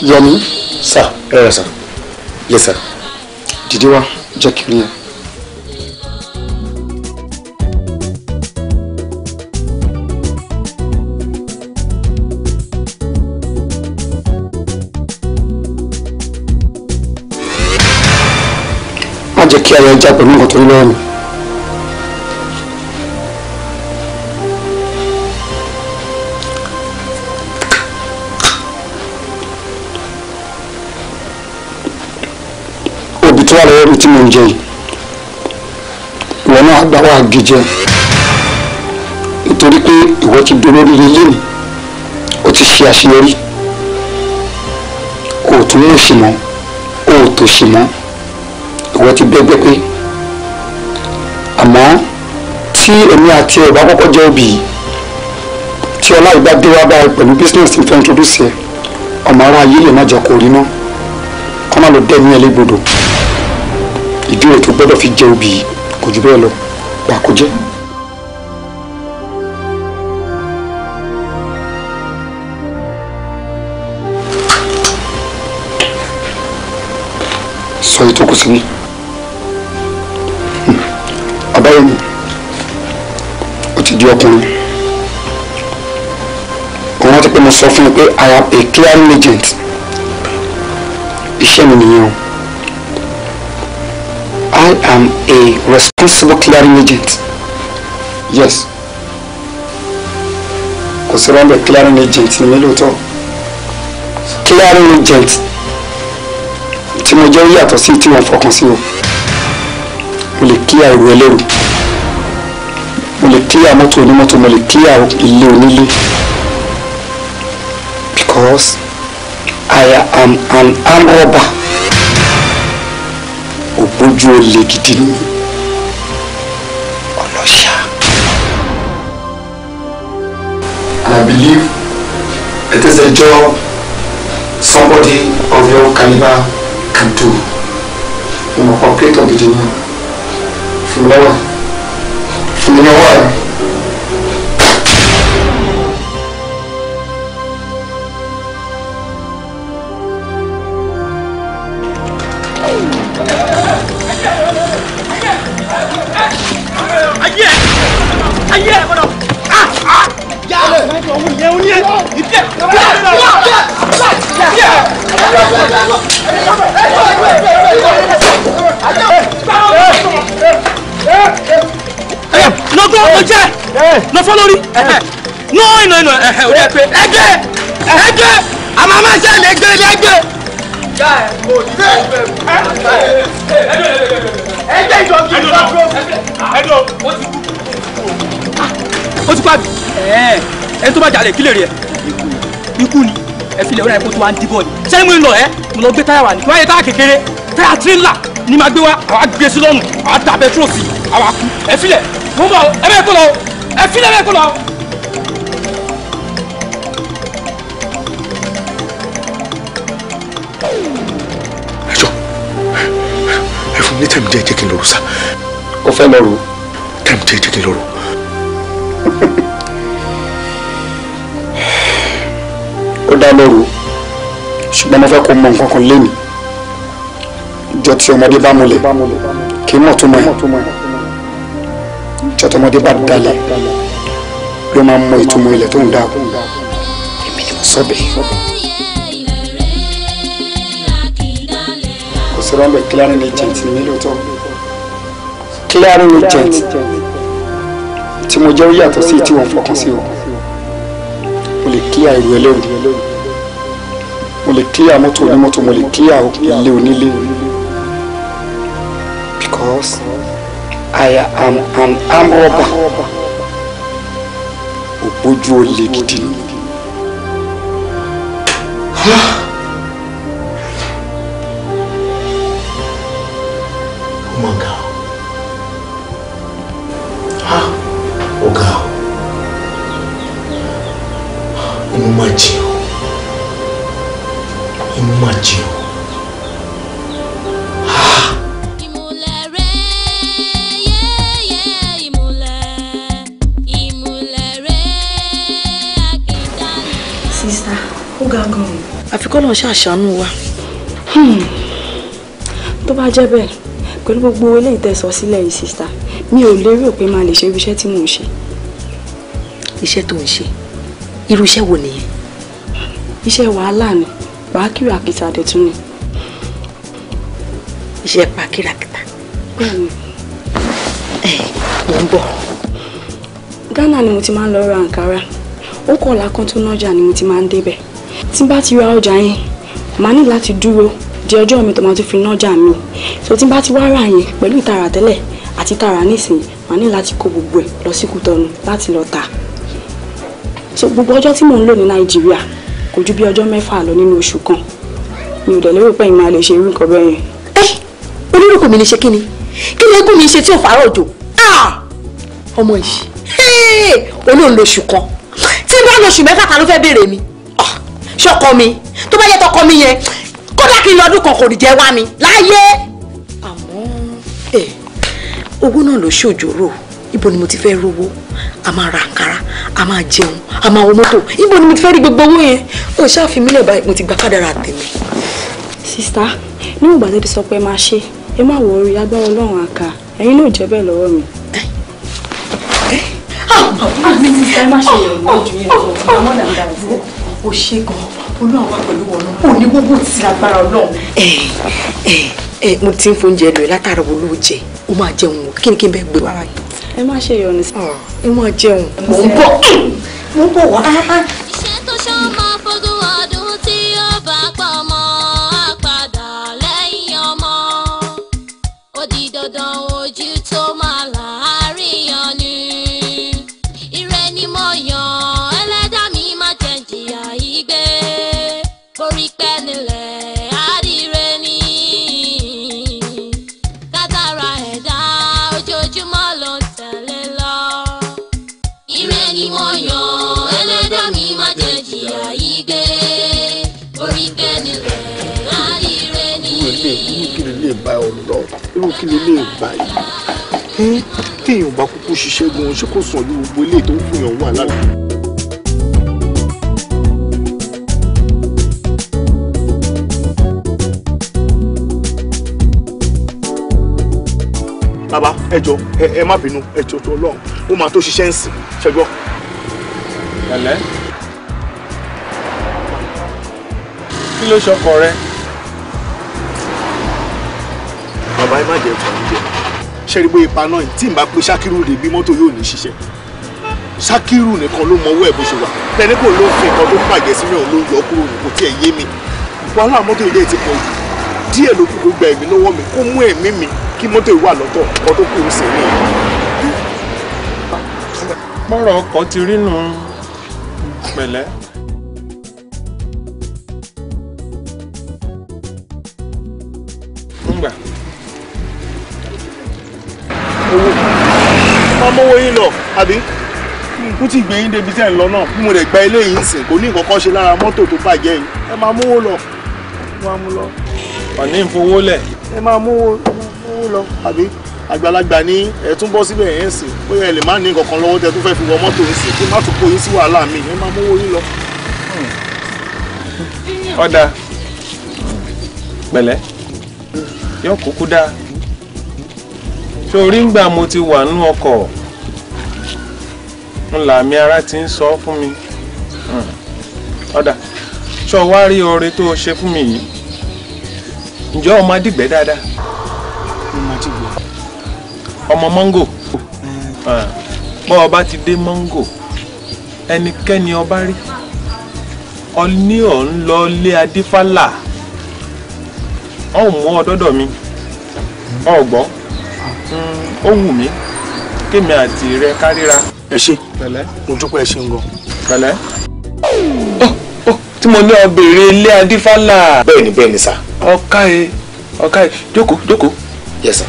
Yẹmi. sir ẹ eh, rẹ sir yes sir. dìde wá jẹ́ kí n rí ẹ. má jẹ́ kí ayọ̀ ajá pẹ̀lú nǹkan tó ń lọ́wọ́ mi. ẹrù tí mo ń jẹ yìí ìwọ náà àgbà wà gbé jẹ nítorí pé ìwọ ti dolórí ilé mi ó ti ṣe àṣeyọrí kò tún mú sí mọ́ kò tó sí mọ́ ìwọ ti bẹ́gbẹ́ pé àmọ́ tí èmi àti ẹ̀ bá kọ́kọ́ jẹ́ òbí yìí tí ọlá ìgbà dé wá báyìí pẹ̀lú business ìfẹ́ introduce ẹ̀ ọmọ ara ayé lè má jẹ́ kó rí náà kọ́ má lọ dẹ́ ní ẹlẹ́gbọ̀dọ̀ ìbéèrè tó gbọ́dọ̀ fi jẹ obì kò jù bẹ́ẹ̀ lọ gbà kó jẹ́. sọ èyí tó kù sí mi abáyọmí hmm. ó ti di ọkùnrin òun ti pé mo sọ fún un pé i am a clear agent iṣẹ́ mi nìyẹn o. I am a responsible clearing agent. Yes. Because sí rọ́ọ̀bẹ̀ clearing agent ni mí lóòótọ́. Clearing agent The majority of the city tí wọ́n fọkàn sí o. clear ìwé ẹlẹ́rù. Mo clear mọ́tò onímọ́tò. Mo lè clear ilé onílé. Because I am an armed robber ojú olè gidi ni ọlọ́ṣà. And I believe it is a job somebody of your caliber can do. Ìmọ̀ kan complete tọ̀ gidi ni fún mi lọ́wọ́ fún mi máa fọ́ lórí no no no orí ẹ pé ẹgbẹ́ ẹgbẹ́ àmọ́ máa ṣe àlẹ́ gbé lẹ́gbẹ́. ẹgbẹ́ ìjọ kì í sọ pé ó ti kú. Ah, ó ti pàbí ẹ tó bá jalè kí lè rí ẹ ikú ni ẹ fi lè wọ́n ẹ kó tó wá ń dìbò ni sẹ́yìn mo ń lọ ẹ mo lọ gbé táyà wà ní wáyé táyà kékeré táyà tírélà ni màá gbé wá àwa gbé e sí lọ́nù àwa dàbẹ̀ trófì àwa kú ẹ mo mọ̀ ẹ bẹ́ẹ̀ kó lọ ẹ fi lẹ́rẹ̀ kó lọ. ẹ jọ ẹ fún mi ní tẹ̀mí díẹ̀ jẹ́ kí n lọ rò sá. o fẹ́ lọ rò. tẹ̀mí díẹ̀ jẹ́ kí n lọ rò. ó dá lọ́rùú ṣùgbọ́n mo fẹ́ kó mọ nǹkan kan lénìí ìjọ tí ọmọdé bá múlẹ̀ kí mọ̀ tó mọ̀ ẹ́ tọ́tọmọdé bá dalẹ̀ ló máa ń mọ ìtumọ̀ ilẹ̀ tó ń dà kú èmi ni mo sọ bẹ́ẹ̀. kò sọ̀rọ̀ ń clearing agent ni lóòótọ́ clearing agent tí mo jẹ́ ó yàtọ̀ sí tí wọ́n fọkàn sí o mo lè clear ìlú ẹlẹ́rù mo lè clear mọ́tò onímọ́tò mo lè clear ilé onílé. I am an arm robber òpójú olè gidi. ọlọ́run ṣàṣàánú wa. Hmm. tó bá jẹ́ bẹ́ẹ̀ pẹ̀lú gbogbo eléyìí tẹ̀sọ sílẹ̀ yìí sista mi ò lérò pé máa lè ṣe irú iṣẹ́ tí mò ń ṣe. iṣẹ́ tó ń ṣe irú iṣẹ́ wo nìyẹn. iṣẹ́ wàhálà ni pàákìrì àkìtà dẹ̀tún ni. iṣẹ́ pàákìrì àkìtà. bẹ́ẹ̀ni. ẹ mò ń bọ̀. Ghana ni mo ti máa ń lọ ra Ankara ó kọ̀ ọ̀la kan tó nájà ni mo ti máa ń débẹ̀ tí n bá ti ra ọjà yẹn màá ní láti dúró di ọjọ́ mi tó máa tún fi nájà mi so tí n bá ti wá rà yẹn pẹ̀lú ìtara tẹ́lẹ̀ àti ìtara nísìnyí màá ní láti kó gbogbo ẹ̀ lọ sí Kútọ́nù láti lọ tà so gbogbo ọjọ́ tí mò ń lò ní Nàìjíríà kò ju bí ọjọ́ mẹ́fà lọ nínú oṣù kan mi ò dẹ̀ lérò pé ìmọ̀ àlè ṣe irú nǹkan bẹ́ẹ̀ yẹn. ẹ onírò kò mi lè ṣe kí ni kí ni egún mi ṣe tí ò fàárọ̀ òjò ọmọ yìí olóòlóṣù kan tí n bá lóṣù mẹ́fà ta ló fẹ́ béèrè mi ṣọkọ mi tó bá yẹ tọkọ mi yẹn kódà kí n lọ́dún kan kò ní jẹ́ wá mi láyé. àmọ́ ẹ owó náà ló ṣòjòrò ibo ni mo ti fẹ́ rówó a máa ra àǹkárá a máa jẹun a máa wọ mọ́tò ibo ni mo ti fẹ́ rí gbogbo owó yẹn ó ṣàfimílẹ̀ báyìí mo ti gba kádàrà tèmi. sista níwọ̀n ìgbà tó ti sọ pé máa ṣe ẹ má wọ orí agbára ọlọ́run àká ẹ̀yin náà jẹ́ bẹ́ẹ̀ lọ́wọ́ mi. ẹ ẹ ẹ má ṣe ìrònú ojú yẹn tó ọmọdé ń dá ìfowópamọ́ ó ṣe gan olúwa wà pẹ̀lú wọn náà ò ní gbogbo ti agbára ọlọ́run. ẹ ẹ ẹ mo ti ń fóúnjẹ lọ látara wo ló jẹ ó máa jẹun o kí ni kí n bẹ gbé wàrà yìí. ẹ má ṣe yọnu sí. Ah, ẹ má jẹun. mo ń bọ̀ mo ń bọ̀ wá. Ah, ah, iṣẹ́ tó ṣọ́ mọ́. kí ló lè gbà yìí téèyàn bá kúkú ṣiṣẹ́ gan-an ṣé kò sàn ní gbogbo eléyìí tó ń fún yàn wà lálẹ́. bàbá ẹ jọ ẹ má bínú ẹ jọ tó Ọlọ́run ó máa tó ṣiṣẹ́ ń sìn ṣẹgbọ́. ẹ̀lẹ́ kí ló ṣọkọ rẹ. bàbá ẹ má jẹ ẹtù àmì jẹ ṣẹ́rí bóyá ipa náà tí n bá pe ṣákírù lè bí mọ́tò yóò ní ṣiṣẹ́ ṣákírù nìkan ló mọwọ́ ẹ̀ bó ṣe wà tẹ́lẹ̀ kò ló fi nǹkan tó ń bàjẹ́ sínú ẹ̀ ló yọ kúrò ní tí ẹ̀ yé mi wàhálà mọ́tò ilé ti pọ̀ jù díẹ̀ ló kù gba ẹ̀mí lọ́wọ́ mi kó mú ẹ̀mí mi kí mọ́tò ìwà lọ́tọ̀ kan tó kù ń sè ní. bọ́rọ̀ ọkọ̀ ti rí nù pẹ̀lẹ́. máa mọ́wọ́ yín lọ àbí kú tí gbẹ̀yìn débi tẹ̀ ń lọ náà mo lè gba ilé yìí sìn kò ní nǹkan kan ṣe lára mọ́tò tó bàjẹ́ yìí ẹ máa mówó lọ. wọ́n á mú lọ. ọ̀ní ìfowó lẹ̀. ẹ máa mówó lọ àbí àgbàlagbà ní ẹ tún bọ́ síbẹ̀ yẹn sìn bóyá ẹ lè má ní nǹkan kan lọ́wọ́ tẹ tó fẹ́ fi wọ mọ́tò ń sìn kí má tún kó yín sí wàhálà mi ẹ máa mówó yín lọ. ọ̀dà pẹ̀lẹ́ yóò kúkú dáa sórí ńgbà mo ti wà nú ọkọ̀ ńlá mi ara ti ń sọ fún mi hmm. ọ̀dà sọ wá rí oore tó o ṣe fún mi yìí ǹjẹ́ ọmọ adìgbẹ́ dáadáa ọmọ mọ́ngò eh. ah. bọ́ ọba ti dé mọ́ngò ẹnikẹ́ni ọba rí ọní ọ̀ ń lọ lé adífálà ọ̀ mú ọ dọ́dọ̀ mi ọ̀ gbọ́ ó wù mí kémi àti rẹ káríra. ẹ ṣe pẹ̀lẹ́ mo dúpẹ́ ẹ ṣeun gan. pẹ̀lẹ́. tí mo ní ọbẹ̀rẹ̀ ilé adífálà. bẹ́ẹ̀ni bẹ́ẹ̀ni sá. ọkà ẹ ọkà ẹ jókòó jókòó. yes sir.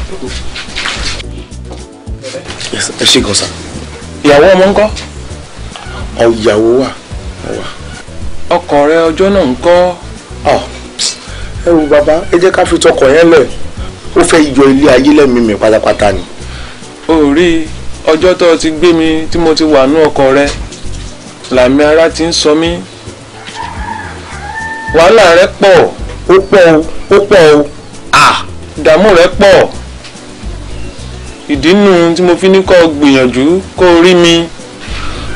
yes sir ẹ ṣe gan sá. ìyàwó ọmọ ńkọ́. ọ̀yàwó wà wà. ọkọ rẹ ọjọ́ náà ńkọ́. ẹ wo bàbá ẹ jẹ́ ká fi tọkọ yẹn lẹ̀ ó fẹ́ yọ ilé ayé lẹ́mìí mi pátápátá ni. o rí ọjọ́ tó o ti gbé mi tí mo ti wà ní ọkọ rẹ làmì ara ti ń sọ mí wàhálà rẹ pọ̀ ó pọ̀ ó pọ̀ o ìdààmú rẹ pọ̀ ìdí nu tí mo fi ní kó gbìyànjú kó rí mi.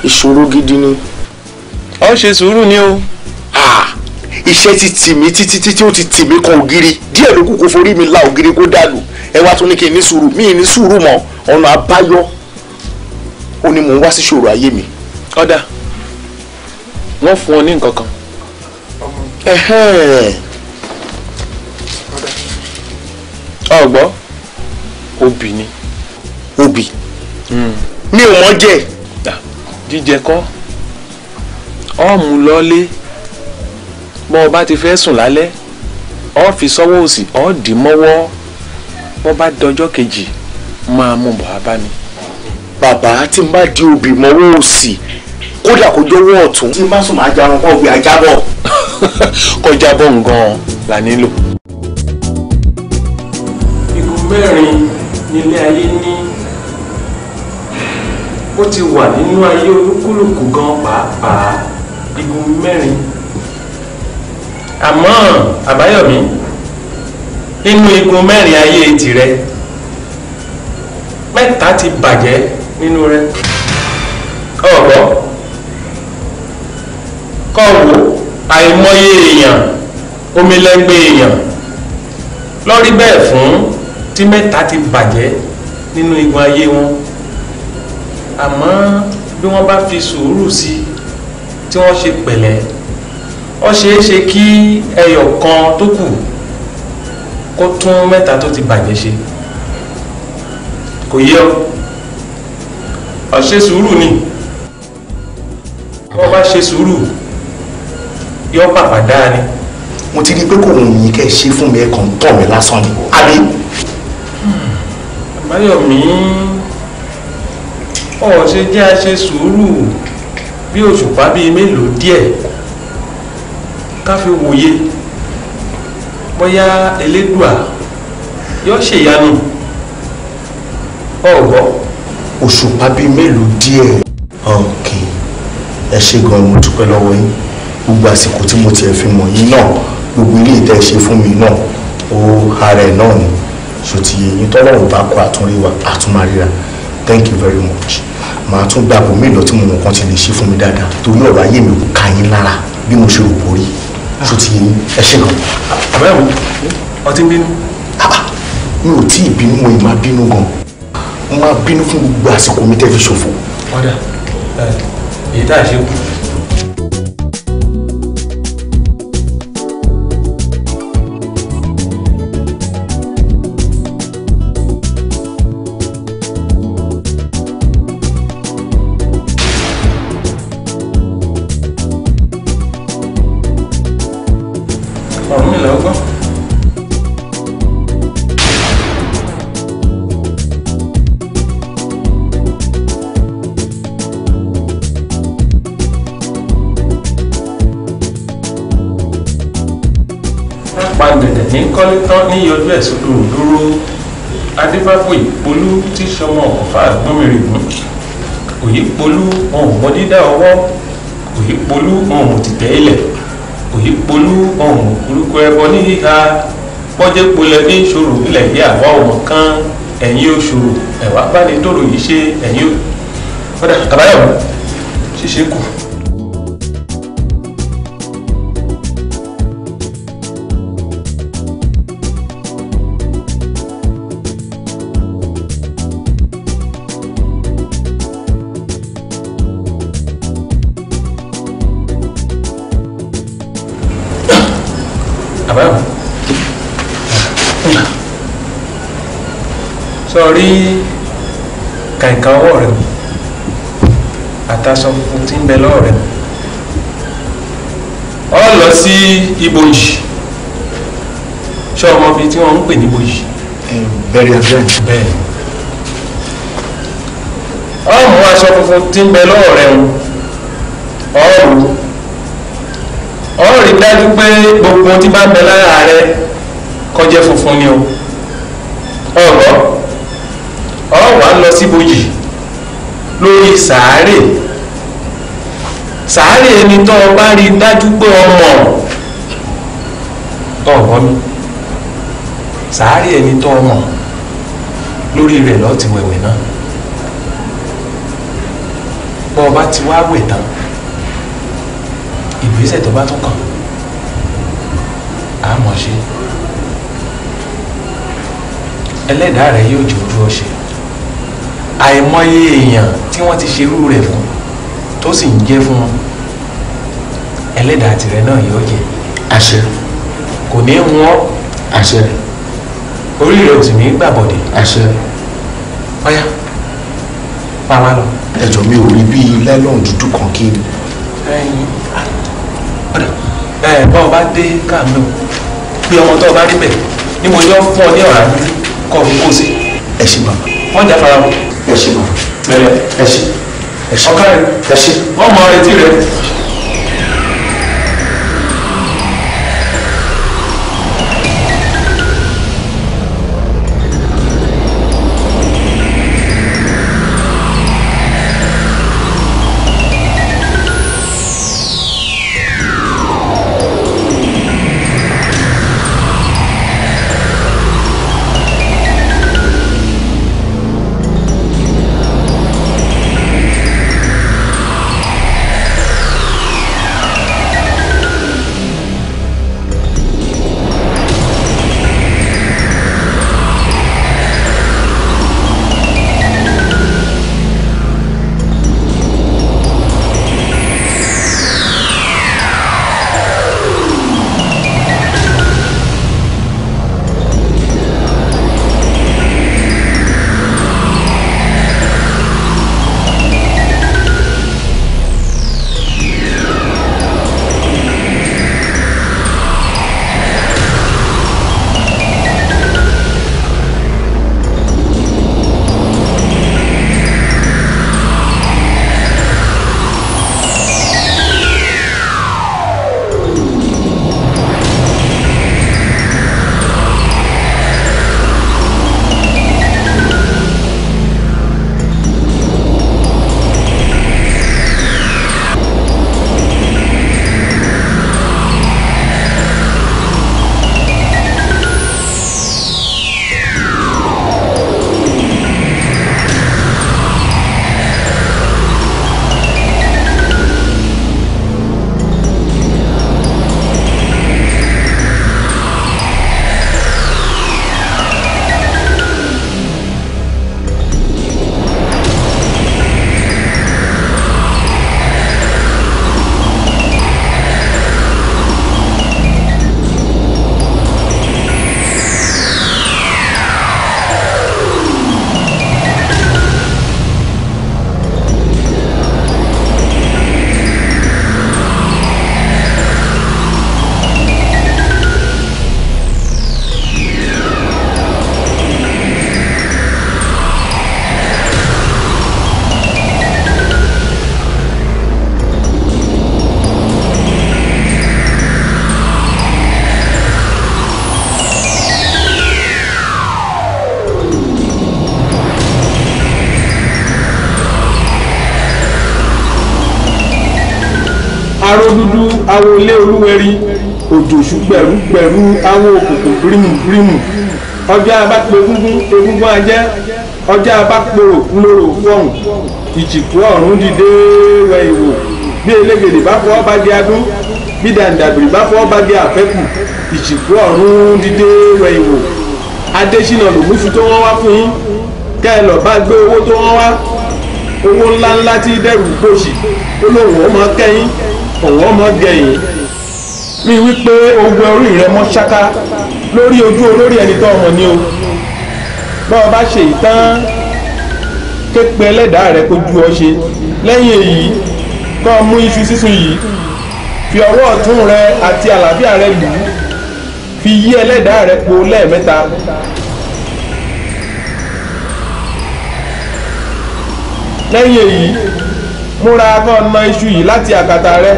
ìṣòro gidi ni. ọ ṣe sùúrù ni o iṣẹ́ ti tì mí títí títí ó ti tì mí kan ògiri díẹ̀ ló kù kó forí mi la ògiri kó dàlù ẹ wá tún ní kí n ní sùúrù mí ní sùúrù mọ́ ọ̀nà àbáyọ ó ní mò ń wá sí ṣòro ayé mi. ọ̀dà wọ́n fún ọ ní nǹkan kan. ọgbọ́n obì ni. obì hmm. mi ò mọ̀ jẹ. jíjẹ kọ́ ọ̀mù lọ́lé bọ́ ọ bá ti fẹ́ sùn lálẹ́ ọ fi sọ́wọ́ òsì ọ dì mọ́wọ́ bọ́ bá dọjọ́ kejì máa mú bọ̀ á bá mi. bàbá tí n bá di òbí mọ́wọ́ òsì kódà kó jọ̀wọ́ ọ̀tún tí n bá sùn máa jarun kọ́ gbé ajábọ̀. kọjá bọ̀ ngan la nílò. igun mẹ́rin nílé ayé ní ó ti wà nínú ayé olúkúlùkù gan pàápàá igun mẹ́rin àmọ́ àbáyọ̀mí nínú igun mẹ́rin ayé tirẹ̀ mẹ́ta ti bàjẹ́ nínú rẹ̀ ọ̀rọ̀ kọ̀wò àìmọye èèyàn omilẹ́gbẹ́ èèyàn lọ́rí bẹ́ẹ̀ fún tí mẹ́ta ti bàjẹ́ nínú igun ayé wọn àmọ́ bí wọ́n bá fi sùúrù sí tí wọ́n ṣe pẹ̀lẹ́ ó ṣeé ṣe kí ẹyọ kan tó kù kó tún mẹ́ta tó ti bàjẹ́ ṣe kò yẹ ọ ṣe sùúrù ni wọ́n bá ṣe sùúrù yọ pàpà dáa ni. mo ti rí i pé kò wọ́n yìí kẹ́ ẹ ṣe fún mi ẹ kàn ń tọ̀ mí lásán ni àbí. àbáyọ̀mí hmm. ọ̀ ṣe jẹ́ a sùúrù bí òṣùpá bíi mélòó díẹ̀ ká fi wòye bóyá elédùà yóò ṣèyanu ọ̀gbọ́. òṣùpá bíi mélòó díẹ̀ ọ̀kì ẹ ṣe gan mo dúpẹ́ lọ́wọ́ yín gbogbo àsìkò tí mo tiẹ̀ fi mọ̀ yín náà gbogbo ilé ìtẹ́ ṣe fún mi náà ó ara ẹ̀ náà ni ṣòtì yẹn tọ́lọ́run bá kọ àtúnríwá àtúnmáríra thank you very much màá tún gbàgbọ́ mélòó tí mo mọ̀ kan ti lè ṣe fún mi dáadáa torí ọ̀rọ̀ ayé mi kò ká yín lára bí mo ṣe rò borí tó ti yín ẹ ṣe gan. àbẹ̀wò ọtí ń bínú. mi ò tí ì bínú mo máa bínú gan mo máa bínú fún gbogbo àsìkò mi tẹ́ fi ṣòfò. ọ̀dà èyí tá a ṣe kú. tán ní yọjú ẹ̀ sódò dúró adébáfò ìpolú tí sọmọ ọ̀fà gbọ́mìrì gùn òye polú ọ̀hún mọ dídá ọwọ́ òye polú ọ̀hún tìtẹ́ ilẹ̀ òye polú ọ̀hún orúkọ ẹbọ ní híha pọ́jẹ́ polẹ̀ ní ìṣòro ilẹ̀ yìí àwa ọmọ kan ẹ̀yìn òṣòro ẹ̀wà bá ní tòrò yìí ṣe ẹ̀yìn ó. ọ̀dà àbáyọ̀ ṣíṣe kù. rí kàǹkà ọwọ́ rẹ̀ àtàṣọ funfun tí ń bẹ lọ́wọ́ rẹ̀ ọ lọ sí ibojì ṣé ọmọ bíi tí wọ́n ń pè ní ibojì. Eh, burial ground. bẹ́ẹ̀ ọ mú aṣọ funfun tí ń bẹ lọ́wọ́ rẹ̀ ọ rò ọ rí dájú pé gbogbo tí bá bẹ lára rẹ̀ kọjá funfun ni o ọ̀rọ̀ ọ wàá lọ síbojì lórí sàárè sàárè ẹni tó o bá rí dájú pé ọmọ tó o gbọ́ mi sàárè ẹni tó o mọ̀ lórí rẹ̀ lọ́ọ́ ti wẹ̀wẹ̀ náà bọ́ ọ bá ti wá wẹ̀ tán ìgbésẹ̀ tó bá tún kàn á mọ̀ ṣe ẹlẹ́dàá rẹ̀ yóò jòrú ọ ṣe àìmọye èèyàn tí wọ́n ti ṣerú rẹ̀ fún tó sì ń jẹ́ fún ẹlẹ́dàá tìrẹ náà yóò jẹ àṣẹ kò ní wọ́n àṣẹ orí rẹ̀ ò sì ní gbàbọ̀dẹ̀ àṣẹ ọ̀yá pàmò lọ. ẹjọ mi ò rí bíi lẹ́lọ́n dúdú kan kiri. ẹ bọ́ ọ bá dé káàmì o pé ọmọ tó o bá rí bẹ̀ ni mo yọ fún ọ ní ọ̀rá dúdú kọ́ fún kó o sí. ẹ ṣe bàbá. wọ́n jà fara wọn ẹ ṣe mọ ẹ ṣe ọkàn rẹ ẹ ṣe wọn mọ etí rẹ. wérí òjò ṣùgbẹ̀rú gbẹ̀rú àwọn òkùnkùn bírímù bírímù ọjọ́ abápò egúngún egúngún ajẹ́ ọjọ́ abápòrò ńlọrọ fọ́ọ̀hún ìjìkú ọ̀run dìde wẹ ìwò bí elégèdè bá fọwọ́ bá di adún bí dàǹdàbìrì bá fọwọ́ bá di àfẹ́kù ìjìkú ọ̀run dìde wẹ ìwò adésínà lòmùsù tó wọ́n wá fún yín kẹ́ ẹ lọ́ọ́ bá gbé owó tó wọ́n wá owó ńláńlá tí dẹ́rù gbòòsì ó lóun ọmọ kẹ́yìn òun ọmọ gẹ̀yìn bíi wípé owó orí rẹ mọ́ ṣáká lórí ojú olórí ẹni tó ọmọ ni o bọ́ọ̀ bá ṣe ìtàn képe ẹlẹ́dàá rẹ kojú ọ ṣe èyí kọ́ mú iṣu sísun yìí fi ọwọ́ ọ̀tún rẹ àti àlàáfíà rẹ lù ú fi yí ẹlẹ́dàá rẹ po lẹ́ẹ̀mẹ́ta lẹ́yìn èyí múra kọ́ na iṣu yìí láti àkàtà rẹ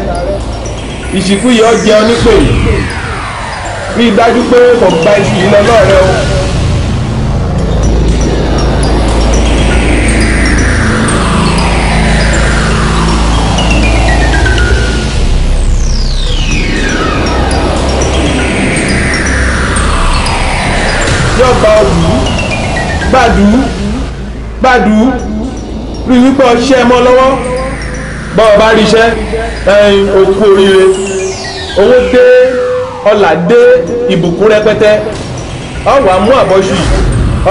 ìsìnkú yìí ọ jẹ ọ nípè rí i dájú pé kò gba ìsìn yìí lọ náà rẹ o. yọba ọdù gbàdú gbàdú rí wípé ọṣẹ mọ lọ́wọ́ bọ́ọ̀ bá rí iṣẹ́ ẹyin òkú oríire owó dé ọlà dé ìbùkún rẹpẹtẹ ọwọ́ àmú àbọ̀ṣù yìí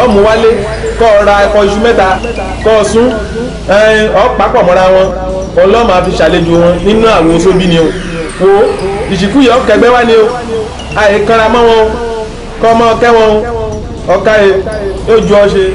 ọmú wálé kọ́ ọ ra ẹ̀kọ́ iṣu mẹ́ta kọ́ ọ sún ẹyin ọ̀pápọ̀ mọ́ra wọn ọlọ́mọ àfi ṣàlejò wọn nínú àwọn oṣoobi ni o wo ìsìnkú yìí ọ̀kẹ́gbẹ́ wá ni o àyè kanra mọ́ wọn kọ́ ọmọ ọkẹ́ wọn ọ̀ka yóò ju ọ ṣe.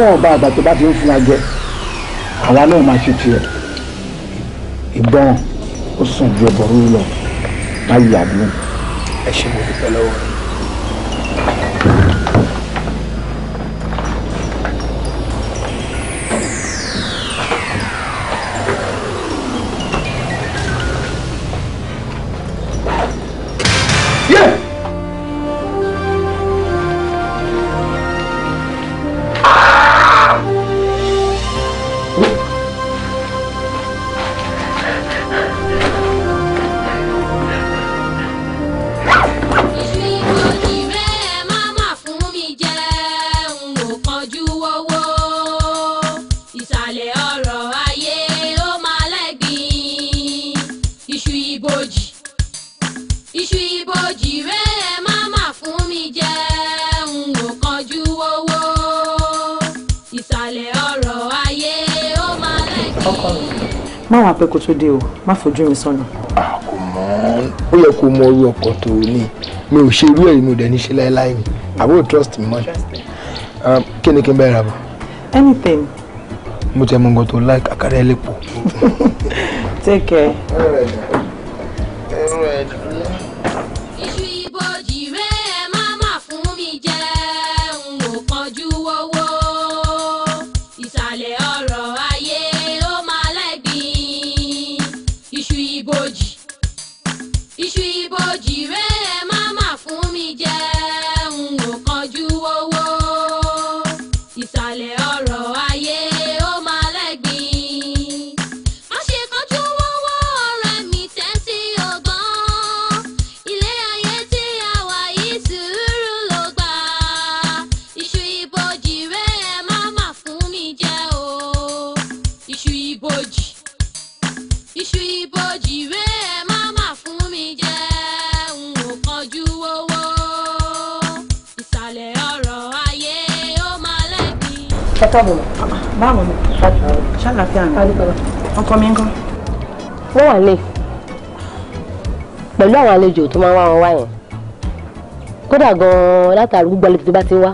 níwọ̀n bá àgbà tó bá ti ń fún wa jẹ àwa náà máa ṣe tiẹ̀ ìbọn ó sàn ju ẹbọ rúru lọ báyìí àdúrà ẹ ṣe mo dúpẹ́ lọ́wọ́ rẹ. iṣu ibojì rẹ̀ má má fún mi jẹ n ò kánjú owó ìsàlẹ̀ ọ̀rọ̀ ayé ó máa lẹ́gbẹ̀ẹ́. ọkọ mi má wàá pẹ́ kó tó dé o má fojú mi sọnù. a kò mọ ó yẹ kó mọ orí ọkọ tó o ní mi ò ṣe irú ẹ̀rí mi ò dẹ̀ ní ṣe láéláé mi àbúrò trust me mọ́ ah, kí ni kí n bẹ́ẹ̀ rà bọ̀. anything mo tẹ mọ nǹkan tó like àkàrà ẹ lè pò. take care. káàbọ̀ báwo ni ṣàlàfíà ni ọkọ mi ń kọ́. wọ́n wà lè pẹ̀lú àwọn àlejò tó máa ń wá wọn wá yẹn kódà gan-an látàrí gbogbo àlejò tó bá ti wá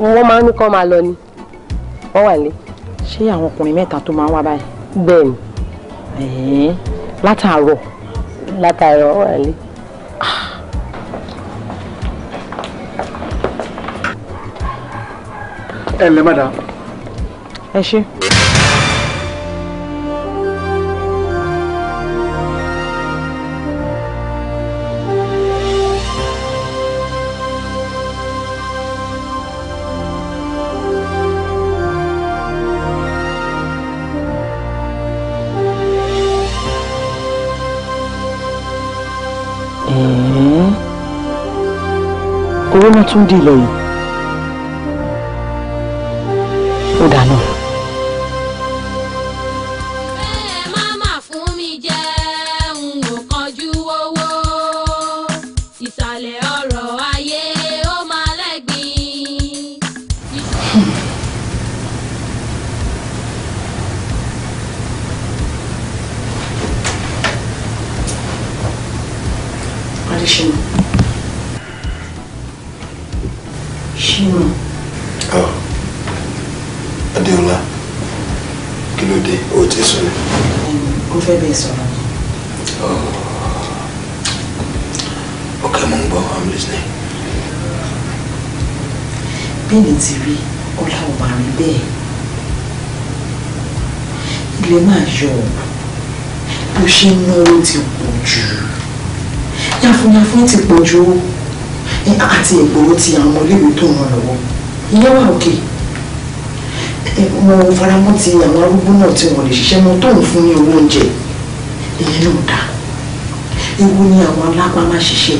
wọ́n máa ń ní kọ́ máa lọ ni wọ́n wà lè. ṣé àwọn ọkùnrin mẹ́ta tó máa ń wá báyìí. bẹ́ẹ̀ látàárọ̀ látàárọ̀ wà lè. ẹ ǹlẹ́ madam. ẹ ṣé. owó náà tún di lọ yìí. ó dáná. ti àwọn ọmọléèwé tó ràn lọ́wọ́ ìyẹn wà òkè mo faramọ́ ti àwọn arúgbó náà tí wọ́n lè ṣiṣẹ́ mọ́ tóun fún ní owó oúnjẹ ìyẹn náà dá ewu ni àwọn alápá máa ṣiṣẹ́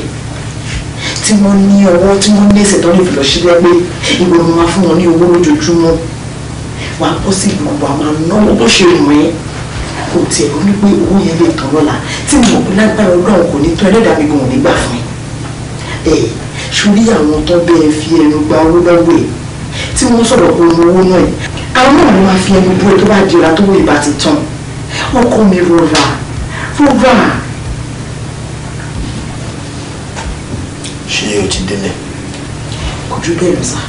tí wọ́n ní ọwọ́ tí wọ́n ní ẹsẹ̀ tó lè fi lọ sí lẹ́gbẹ́ ìwé mo máa fún wọn ní owó lójoojúmọ́ wà á bọ́ sí ìgbọ̀ngbọ̀ àmọ́ náwó bó ṣe rìn wẹ́n kò tiẹ̀ ló ní pé owó yẹn lè tán lọ́la tí mo mọ̀ pé lágbára ọlọ́run kò ní tán ẹlẹ́dàá mi gùn nígbà fún mi sórí àwọn tó bẹ́ẹ̀ fi ẹnu gba owó lọ́wọ́ ẹ̀ tí wọ́n sọ̀rọ̀ pé mo owó náà ẹ̀ àwọn náà ló máa fi ẹnu bú ẹ tó bá dira tó wọ ìbá ti tán ọkọ mi rọra rọra. ṣé o ti délẹ̀. kò ju bẹ́ẹ̀ lọ sá.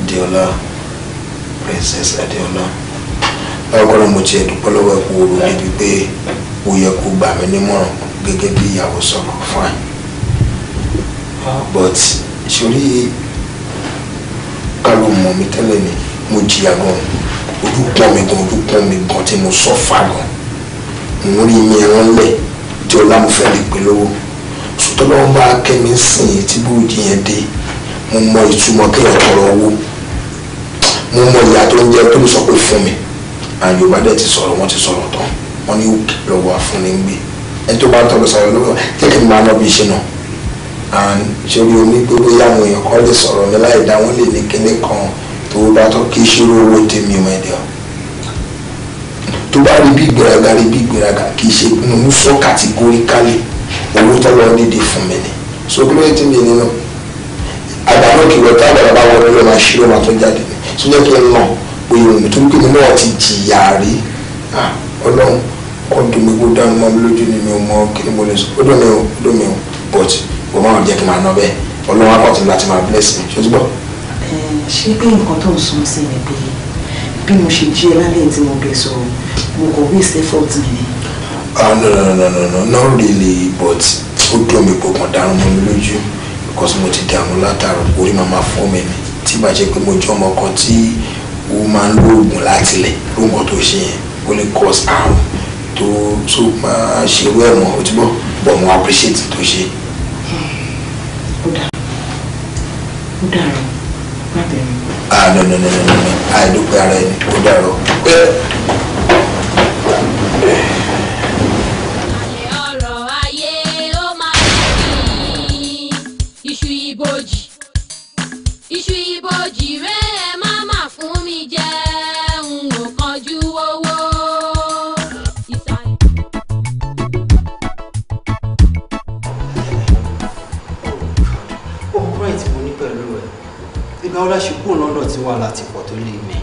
Adéọlá princess Adéọlá báwo ni mo ti ẹ̀ dúpẹ́ lọ́wọ́ ẹ̀ kó o rò pé o yẹ kó gbà mí nímọ̀ràn gẹ́gẹ́ bí ìyàwó sọ̀rọ̀ but ìṣòrí kálọ̀ mọ̀ mi tẹ́lẹ̀ ni mo jìyà gan ojú pọ́n mi gan ojú pọ́n mi gan tí mo sọ fà gan mo rí mi ẹran lẹ̀ tí ọlá mo fẹ́ lè pè lówó sọtọ́ lọ́wọ́ bá kẹ́mi sìn yìí tí bóòdì yẹn dé mo mọ ìtumọ̀ kéèyàn tọrọ owó mo mọ ìyá tó ń jẹ tó ń sọ pé fún mi àwọn yorùbá dẹ̀ ti sọ̀rọ̀ wọ́n ti sọ̀rọ̀ tán wọ́n ní lọ́wọ́ àfúnni ń gbé ẹni tó bá ń tọrọ sọ̀rọ̀ lọ́wọ́ kẹ́kẹ́ mi máa lọ bí iṣẹ́ náà ṣé mo ní pé bóyá àwọn èèyàn kan lè sọ̀rọ̀ mi láì dá wọn lè ní kinní kan tó bá tó kí ṣírò owó tèmi wọn ẹ̀dẹ̀ tó bá rí bí gbéraga rí bí gbéraga kì í ṣe nínú sọ kàtígóríkálì owó tó lọ nídìí fún mi ni so kí ló yẹ tí mi nínú àdánù kìlọ̀ tá àgbàdo bá wọlé lọ́ọ́ máa ṣírò máa tó jáde ní tó jẹ́ kí n nà òye òní tó ń pè mí ti jìyà rí ọlọ́run ọdún mi kó dáná lójú ni mi ò mọ kí ni mo lè sọ ọdún mi ò ọdún mi ò bọ̀tì kò má jẹ́ kí n máa ná bẹ́ẹ̀ ọlọ́run apá ọ̀tún láti máa bless mi ṣó túbọ̀. ṣé pé nǹkan tó ń sún sí mi pé bí mo ṣe jí ẹ lálẹ́ tí mo bẹ̀ sọ̀rọ̀ mo kò wí sí effort mi ni. ah no no no no no not really but ó dùn mí gbọ̀ngàn dànù mọ́ mi lójú because mo ti dààmú látàrọ orí màmá fọ́ mi ni tí bá jẹ́ pé mo jẹ́ ọmọ kan tí ó máa ń lo oògùn láti lẹ̀ lóògùn tó ṣe yẹn ó lè cause àrùn tó tó máa ṣerú ẹ̀wọ̀n ó ti bọ̀ bọ̀ mo appreciate tó ṣe ó dà ó dàrọ má bẹ̀rù. ah no no no no no àìdúpẹ́ ara ẹni ó dàrọ pé. ìgbà ọlá ṣe kúrò lọ́dọ̀ tí wà láti pọ̀ tó lé mi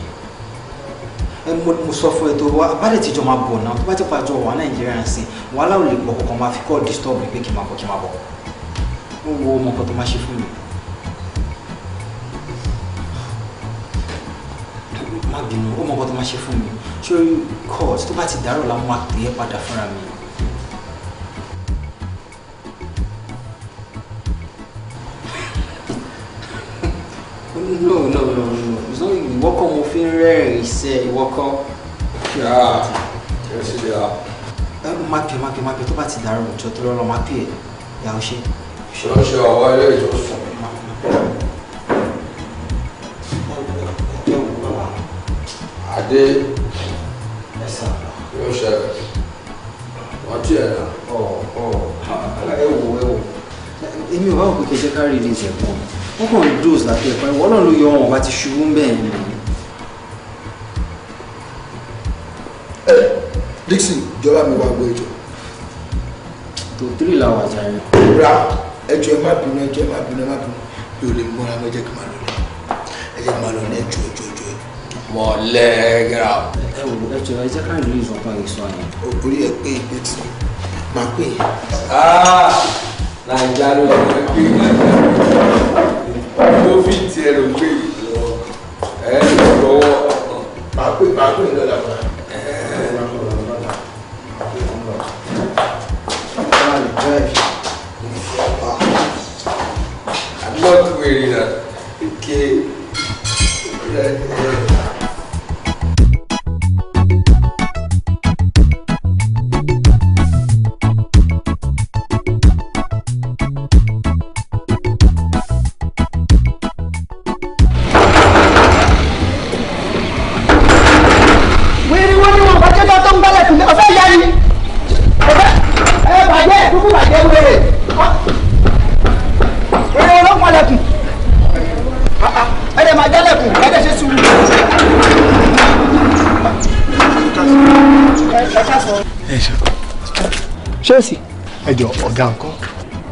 mo sọ fún ẹ tó wá abálẹ̀ tíjọ máa bọ̀ náà tó bá ti pàjọ wà nàìjíríà sí wàhálà ò lè pọ̀ kọ̀ọ̀kan máa fi kọ́ disturb mi pé kí n máa bọ̀ kí n máa bọ̀ ó wo ọmọ kan tó máa ṣe fún mi. má bínú ó mọ ọkọ tó máa ṣe fún mi ṣé court tó bá ti dárò la máa pè padà fúnra mi no no no no it's not ìwọ́kọ̀ mo fi ń rẹ́rìn iṣẹ́ ìwọ́kọ̀. má pè má pè má pè tó bá ti dàrú ọjọ́ tó lọ́rọ̀ má pè ẹ̀ yà ó ṣe. ṣe ọwọ́ ilé ìjọsìn. adé yóò ṣẹlẹ̀ wọ́n ti ẹ̀ náà. ẹ wò ẹ wò èmi ò bá wò pé kẹjẹ ká rí ní ìṣẹ̀kùn mi wọ́n kàn ń dóòsì láti ẹ̀kọ́ ìwọ náà ló yọ wọn wá ti ṣubú ń bẹ́ẹ̀ ni. ẹ Dixon ìjọba mi wá gbọ́ ẹjọ́. tó tírì làwọn àjà yẹn. ra ẹjọ́ ẹ má bínú ẹjọ́ ẹ má bínú ẹ má bínú mi ò lè mú ara ẹjẹ kí n máa lọ lẹ ẹjẹ kí n máa lọ lẹ ẹjọ́ ẹjọ́ ẹjọ́ ẹ. mọ ẹjọ́ ẹ jẹ́ ká lè yíyan pa èso é. nàìjíríà ló ń pè é. Ah! tó fi tiẹ̀ ló gbé ìlọ ẹ̀ lọ́wọ́ máa pè lọ́la máa. What we did, okay.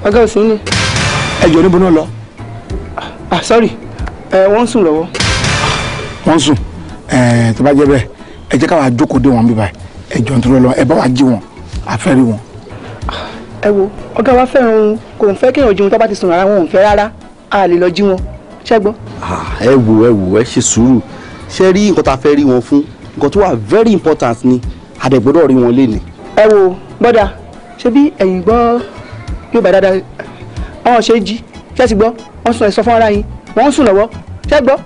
ọgá òsùn ni. ẹ jọ níbo náà lọ. ah, ah sorry ẹ eh, wọ́n ń sùn lọ́wọ́. wọ́n ń sùn ẹ eh, tó bá jẹ́ bẹ́ẹ̀ ẹ jẹ́ káwa jókòó dé wọn bíbá ẹ jọ nítorí lọ ẹ bá wa jí wọn àfẹ́ rí wọn. Eh, ẹ wo ọgá wa fẹ́ràn òun kò ń fẹ́ kéèyàn jí wọn tó bá ti sùn rárá wọn ò ń fẹ́ rárá a lè lọ jí wọn ṣẹ́gbọ́. Ah, ẹ wo ẹ wo ẹ ṣe sùúrù ṣe rí nǹkan tá a fẹ́ rí wọn fún nǹkan tó wà very important ni àdẹ̀gbọ́dọ̀ rí wọn lénìí. ẹ wo bọ́dà ṣebí ẹ̀yin gbọ́ yóò bá dáadáa àwọn ṣe jí ṣe ti gbọ́ wọ́n sùn ẹ̀sọ́ fún ara yín wọ́n sùn lọ́wọ́ ṣe gbọ́.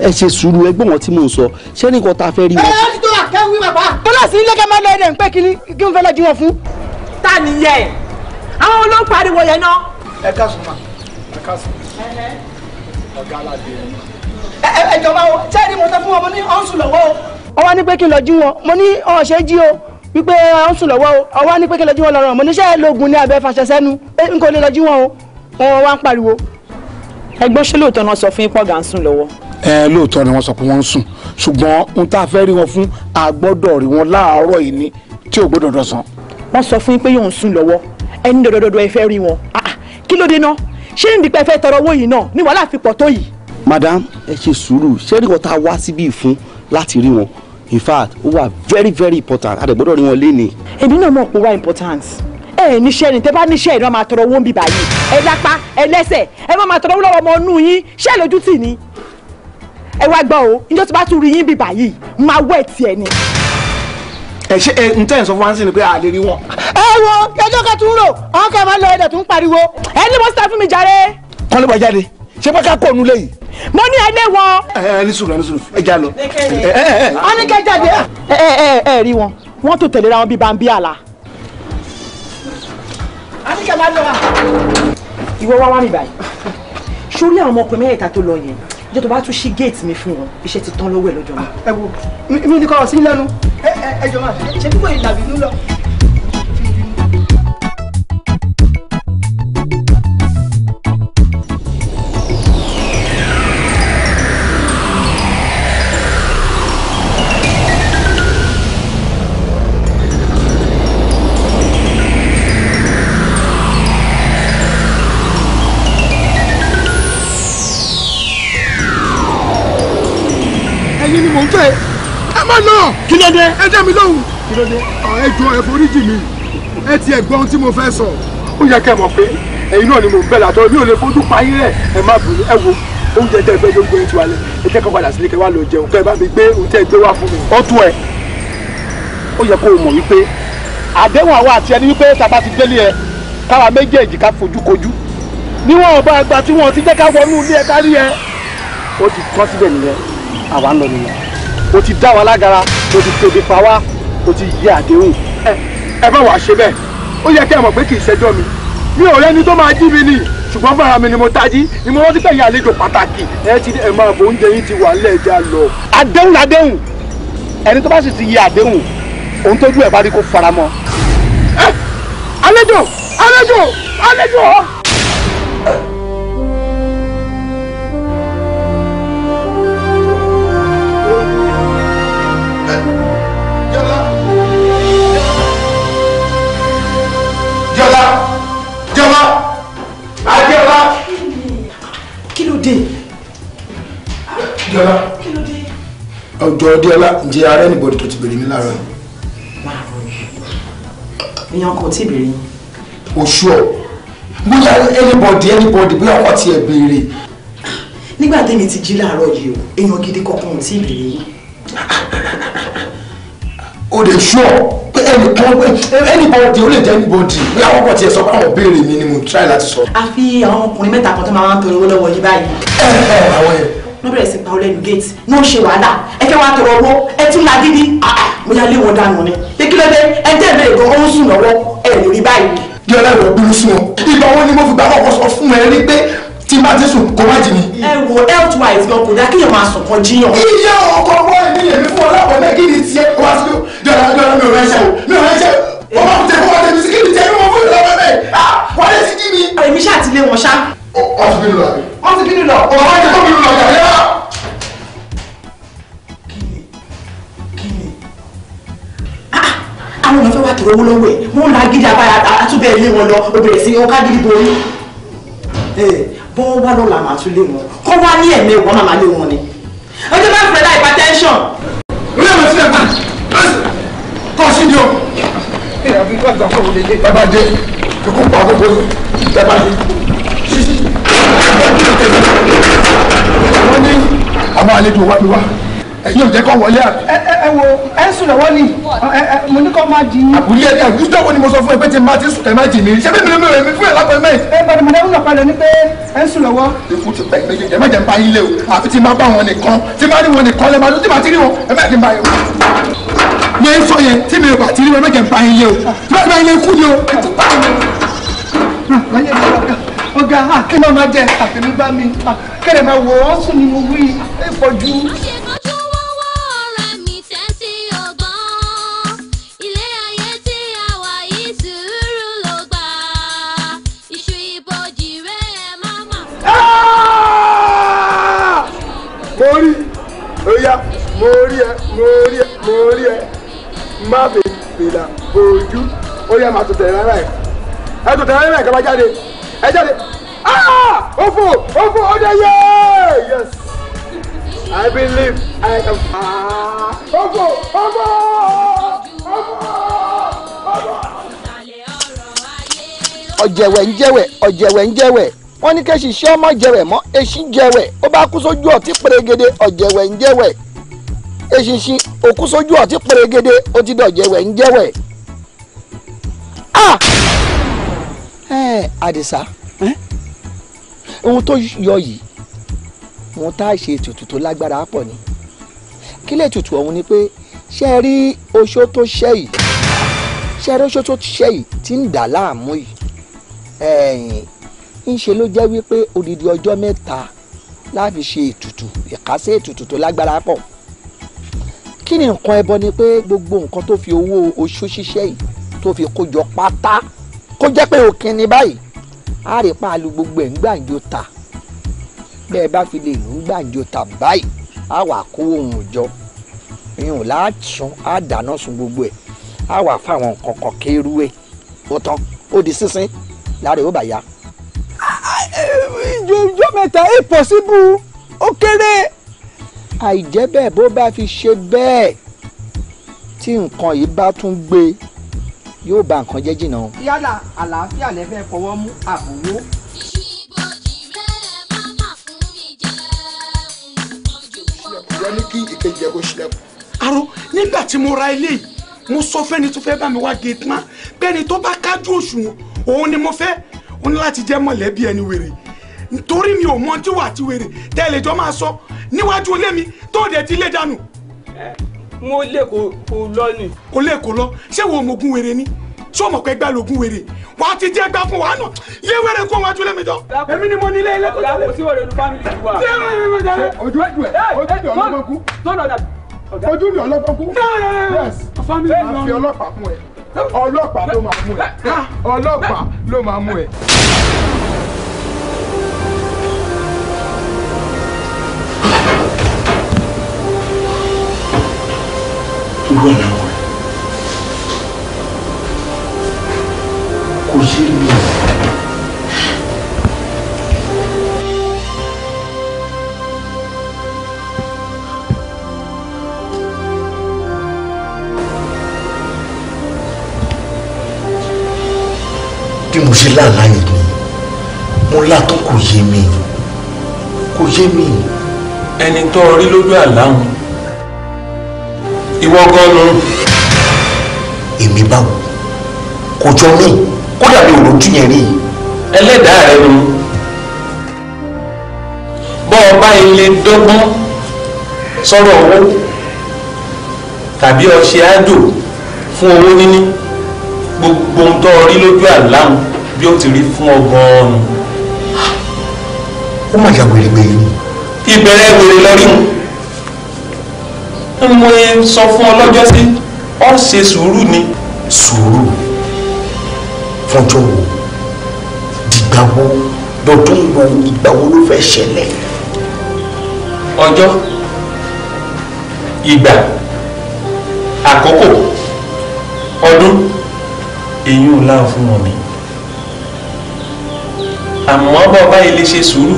ẹ ṣe sùúrù ẹgbọ́n wọn tí mò ń sọ ṣé nìkan ta fẹ́ rí wọn. ẹ ẹ ti tó àkẹ́wì bàbá. tọ́lá sí ilé kẹ́mọ́ lọ ẹ̀dẹ̀ ń pẹ́ kínní kí n fẹ́ lọ jí wọn fún. ta ni yẹ àwọn olóhùn pariwo yẹn náà. ẹ ká sùn ma ẹ ká sùn ọgá aládé ẹ. ẹ ẹ jọba o ṣé ẹni mo tẹ fún wọn mo ní ọ̀hún o. ọwọ́ ní pé kí n lọ jí wọn wípé ó sùn lọ́wọ́ o ọwọ́ ní pé kí lọ́jú wọn lọ́rùn mo níṣẹ́ lóògùn ní abẹ́ fàṣẹ sẹ́nu pé n kò lè lọ́jú wọn o wọn wá ń pariwo. ẹgbọ́n ṣé lóòótọ́ náà sọ fún yín pọ̀gà ń sùn lọ́wọ́. ẹ lóòótọ́ ni wọ́n sọ pé wọ́n ń sùn ṣùgbọ́n ohun tá a fẹ́ rí wọn fún a gbọ́dọ̀ rí wọn láàárọ̀ yìí ni tí ò gbọ́dọ̀ dọ̀sán. wọ́n sọ fún yín pé yóò ń sùn lọ́wọ́ ẹni dọ̀dọ̀dọ̀ ẹ fẹ́ rí wọn ah, ah, kí ló dé madam ẹ ṣe sùúrù ṣé rí wọn tá a wá síbí fún láti rí wọn in fact ó wà very very important a dẹ̀ gbọ́dọ̀ rí wọn léni. èmi náà mọ̀ pé ó wà important ẹ ẹ níṣẹ́ ni tẹ́ bá níṣẹ́ ìran máa tọrọ owó ń bì báyìí ẹ lápá ẹ lẹ́sẹ̀ ẹ má máa tọrọ owó lọ́wọ́ ọmọ inú yín ṣé lójú tì ní. ẹ wá gbọ́ o níjọ́ tí bá tún rí yín bì báyìí máa wẹ̀ tiẹ̀ ni. ẹ ṣe ẹ n tẹ́yìn sọ fún wáńsì ni pé a lè rí wọn. ẹ wo ẹjọ́ kan tún rò ọ̀hún kẹ́ máa lọ ẹ̀dẹ̀ tún pariwo ẹ ní mo sá fún mi jàre. kọ́ńtà jáde ṣé pé ká kó ònú léyìí. mo ní ẹlẹ́ wọn. ẹ ẹ ní sùúrù ní sùúrù ẹ já lọ. wọ́n ní kẹ́ jáde. ẹ ẹ ẹ rí wọn wọ́n tó tẹ̀lé ra wọn bíi bambi àlà. àníkẹ́ máa lọ wa. ìwọ wá wá mi báyìí sórí àwọn ọmọkùnrin mẹ́ta tó lọ yẹn ìjọ tó bá tún ṣí géètì mi fún wọn iṣẹ́ ti tán lọ́wọ́ ẹ̀ lọ́jọ́ náà. ẹ wo mi ní kọ́ ọ sí lẹ́nu. ẹ ẹ ẹ jọ máa ṣe bí kò ní làbínú lọ. yín ni mò ń fẹ́ ẹ má lọ. kí ló dé. ẹ dá mi lóhùn. kí ló dé. ẹ jọ ẹ forí jì mí ẹ ti ẹ gbọ́ ohun tí mo fẹ́ sọ. ó yẹ kẹ́ ẹ mọ̀ pé ẹ̀yin náà ni mò ń bẹ̀ látọ̀ mi ò lè fojú pa yín rẹ̀ ẹ má bù ẹ wo oúnjẹ tẹ fẹ́ ló ń gbóyún tiwa lẹ ẹ jẹ́ kó padà sílé kẹ́ wá lọ jẹun kẹ́ bá mi gbé ohun tẹ́ gbé wá fún mi. ó tún ẹ ó yẹ kó o mọ̀ wípé àdéhùn àwa àti ẹni wípé tá a bá ti délé ẹ káwa méjèèjì ká fojú kojú níwọ̀n ọba àgbà tí wọ́n ti jẹ́ ká wọnú ilé ẹ kárí ẹ ó ti kọ́ síbẹ̀ nìyẹn àwa ń lọ nìyẹn o ti dá wa lágara o ti tèbi pa wá o ti yẹ àdéhùn. ẹ ẹ bá wàá ṣe bẹ́ẹ̀ ó yẹ kí ẹ mọ̀ pé kì í ṣẹjọ́ mi mi ò rẹ́ni tó máa jí mi nì ṣùgbọ́n fúnra mi ni mo tají ni mo rántí pẹ̀yìn àlejò pàtàkì ẹ ti ẹ máa bọ oúnjẹ yín ti wà nílẹ̀ ẹja lọ. àdéhùn àdéhùn ẹni tó bá sì ti yẹ àdéhùn òun tójú ẹ bá rí kó fara mọ́. ẹ àlejò àlejò àlejò. ọjọ́ ọdẹ́ọ́lá ǹjẹ́ ara anybody tó ti bèrè mi lára. máa rọ ni èèyàn kò tí ì bèrè yín. oṣù ọ bóyá anybody anybody bóyá ọkọ tiẹ̀ bèrè. nígbà tẹ́mi ti jí láàárọ̀ yìí o èèyàn gidi kankan ò tí ì bèrè yín. o lè ṣú ọ pé anybody ó lè jẹ́ anybody bóyá ọkọ tiẹ̀ sọ pé àwọn béèrè mi ni mo try láti sọ. àfi àwọn ọkùnrin mẹ́ta kan tó máa ń torí owó lọ́wọ́ yín báyìí. ẹ ẹ àwọn yẹn náà bẹ̀rẹ̀ sí pa ọlẹ́nu géètì náà ṣe wàhálà ẹ fẹ́ wàá tọrọ owó ẹ tún la gidi ah, ah, mo yà lé wọn dànù ni pé kí ló dé ẹ tẹ́ ìbéèrè gan ọ̀hún sùn lọ́wọ́ ẹ lè rí báyìí. di ọlọ́run ọ̀gbìn sún ọ ìgbà wo ni mo fi gbàgbọ́ ọkọ sọ fún ẹ rí pé tí n bá ti sùn kò má jì mí. ẹ wo health wise gan kò dá kí yẹn máa sùn kan jiyàn. iye ọkọ ọwọ́ mi lèmi fún ọlọ́pàá náà kí ni tiẹ̀ wá sí dọ̀là dọ̀là mi ò rẹ́ ṣe o mi ò rẹ́ ṣe o. ọmọ mi tẹ̀ fún ọ tẹ̀ mi sí kí ni tiẹ̀ mi mọ̀ fún ìlọ́wọ́ bẹ́ẹ̀ ah wọ́n lè ti jí mi. èmi ṣáà ti lé wọn ṣá wọ́n ti bínú lọ àbí. wọ́n ti bínú lọ. ọ̀rọ̀ wáyé tó bínú lọ yàrá yàrá. kíni kíni. àwọn ọmọ fẹ́ wá tòrò owó lọ́wọ́ ẹ̀ wọ́n la gidi abáyà àtúbẹ̀ ilé wọn lọ obìnrin sí ọkà gidi borí. bọ́ wá lọ́la màá tún lé wọn kọ́ wá ní ẹ̀mẹ́ wọn màmá lé wọn ni. ọjọ́ bá fẹ́ dá hypertension. orí àwọn sílẹ̀ bá kọ́ sí ni o. bàbá dé kókó pa àkókò yìí bàbá dé. àwọn àlejò wá mi wá ẹ̀yin ò jẹ́ kó wọlé àbí. ẹ ẹ wo ẹ ń sùn lọ́wọ́ ni mo ní kó máa di. àbúlé ẹ ìjọ wo ni mo sọ fún ẹ pé tí máa ti sùn ẹ máa jì mí ṣé mímu rẹ mi fún ẹ lápẹ mẹ. ẹ bàdàn mọ̀lẹ́ ń lọ́pàá lọ ní pé ẹ ń sùn lọ́wọ́. ikú ti pẹ́ méjèèjì ẹ má jẹ́ ń bá yín lé o àfi tí máa bá wọn nìkan tí máa rí wọn nìkan lẹ́ẹ̀ máa lọ tí máa ti rí wọn ẹ má jẹ́ ń bá yín mi ń sọ yẹn tí mi ò bá ti rí wọn ẹ má jẹ́ ń bá yín lé o tí máa bá yín lé kú ni o. Ah, ọ̀gá ọ̀gá ah, kí ló máa jẹ àfẹnugbá mi ah, kẹrẹ máa wọ ọ sùn ni mo wí ẹ pọ̀jù. orí oya mo rí ẹ mo rí ẹ mo rí ẹ má fi fìlà ojú orí ẹ máa tòtẹ̀ rárá ẹ ẹ tòtẹ̀ rárá ẹ kaba jáde ẹ jáde. Ah, Ofo! Ofo! Odeye! Oh, yes! I believe I am. Ah, Ofo! Ofo! Ofo! Ofo. Ọ̀jẹ̀wẹ̀ ń jẹ̀wẹ̀ ọ̀jẹ̀wẹ̀ ń jẹ̀wẹ̀ wọ́n ní kẹ́sì iṣẹ́ ọmọ jẹ̀wẹ̀ mọ́ èsì jẹ̀wẹ̀ ó bá kú sójú ọ̀tí pèrègede ọ̀jẹ̀wẹ̀ ń jẹ̀wẹ̀ eṣinṣin òkú sójú ọ̀tí pèrègede ó ti dọ̀jẹ̀wẹ̀ ń jẹ̀wẹ̀. Ah! Àdìsá. Eh? ohun tó yọ yìí ohun tá a ṣe ètùtù tó lágbára pọ̀ ni kílẹ̀ ètùtù ọ̀hún ni pé ṣe é rí oṣó tó ṣẹ́ yìí ṣe é rí oṣó tó ṣẹ́ yìí tí ń dà láàmú yìí ẹ̀yìn ń ṣe ló jẹ́ wípé odidi ọjọ́ mẹ́ta láfi ṣe ètùtù ìkásẹ̀ ètùtù tó lágbára pọ̀ kí ni nǹkan ẹbọ ni pé gbogbo nǹkan tó fi owó oṣó ṣiṣẹ́ yìí tó fi kó jọ pátá kó jẹ́ pé òkè ni báyìí á rí páàlù gbogbo ẹ̀ ń gbàǹjo ta bẹ́ẹ̀ bá fi lè lù ń gbàǹjo ta báyìí á wà kó ohun òjọ ìhùn láàtún á dáná sun gbogbo ẹ̀ á wà fáwọn nǹkan kéru ẹ̀ ó tán ó di sísín lára ìwé bàyà. ìjọ mẹ́ta impossible eh, ó kéré. àìjẹ́ bẹ́ẹ̀ bó bá fi ṣe bẹ́ẹ̀ tí nǹkan yìí bá tún gbé yóò bà nǹkan jẹ́ jìnnà o. yálà àlàáfíà lẹ fẹ́ fọwọ́ mú àbúrò. wọ́n ní kí ìkejì ẹ̀ kó ṣílẹ̀kùn. àrò nígbà tí mo ra ilé yìí mo sọ fẹ́ni tó fẹ́ bá mi wá gé tán bẹ́ni tó bá kájú òṣùwọ̀n òun ni mo fẹ́ ó ní láti jẹ́ mọ̀lẹ́bí ẹni wèrè nítorí mi ò mọ tí wà ti wèrè tẹ́lẹ̀ jọ máa sọ níwájú ilé mi tó dẹ̀ ti lé dànù mo lè kó lọ ni. o lè kó lọ ṣé wo mo gun wèrè ni ṣé o mọ̀ pé gbà lóògùn wèrè wà á ti jẹ́ gbà fún wa náà yé wèrè kó wájú lẹ́mi jọ. èmi ni mo ní ilé ilé tó jalè. kò sí wèrè olú fámìlì wa. ṣé wèrè olú jalè. ojú ẹ̀jú ẹ̀ ojú ẹ̀jú ojú ẹ̀jú ọlọ́gbọ́n kú. fámìlì wa. ọlọ́pàá fún ẹ ọlọ́pàá ló máa mú ẹ ọlọ́pàá ló máa mú ẹ. ìwọ ìyàwó rẹ kò ṣe é lò. bí mo ṣe láàlá yìí ni mo látọ́ kò yé mi kò yé mi. ẹni tó rí lójú àlá ìwọ gan nu. èmi báwo kò jọ mí kódà mi ò lójú yẹn rí i. ẹlẹ́dàá rẹ nu bọ́ ọ bá ilé dọ́gbọ́n sọ̀rọ̀ owó tàbí ọṣẹ àjò fún owó níní gbogbo ohun tó rí lójú àláhùn bí ó ti rí fún ọgbọ́n ọ̀nù. ó mà yà wèrè gbèrè ni. ìbẹ̀rẹ̀ wèrè lọ mu ń mo sọ fún ọ lọ́jọ́ sí ọ ṣe sùúrù ni. sùúrù fọjọ́ wo dìgbà wo lọ́dún wo ìgbà wo ló fẹ́ ṣẹlẹ̀. ọjọ́ ìgbà àkókò ọdún èyí ò láà fún wọn mi àmọ́ bàbá ilé ṣe sùúrù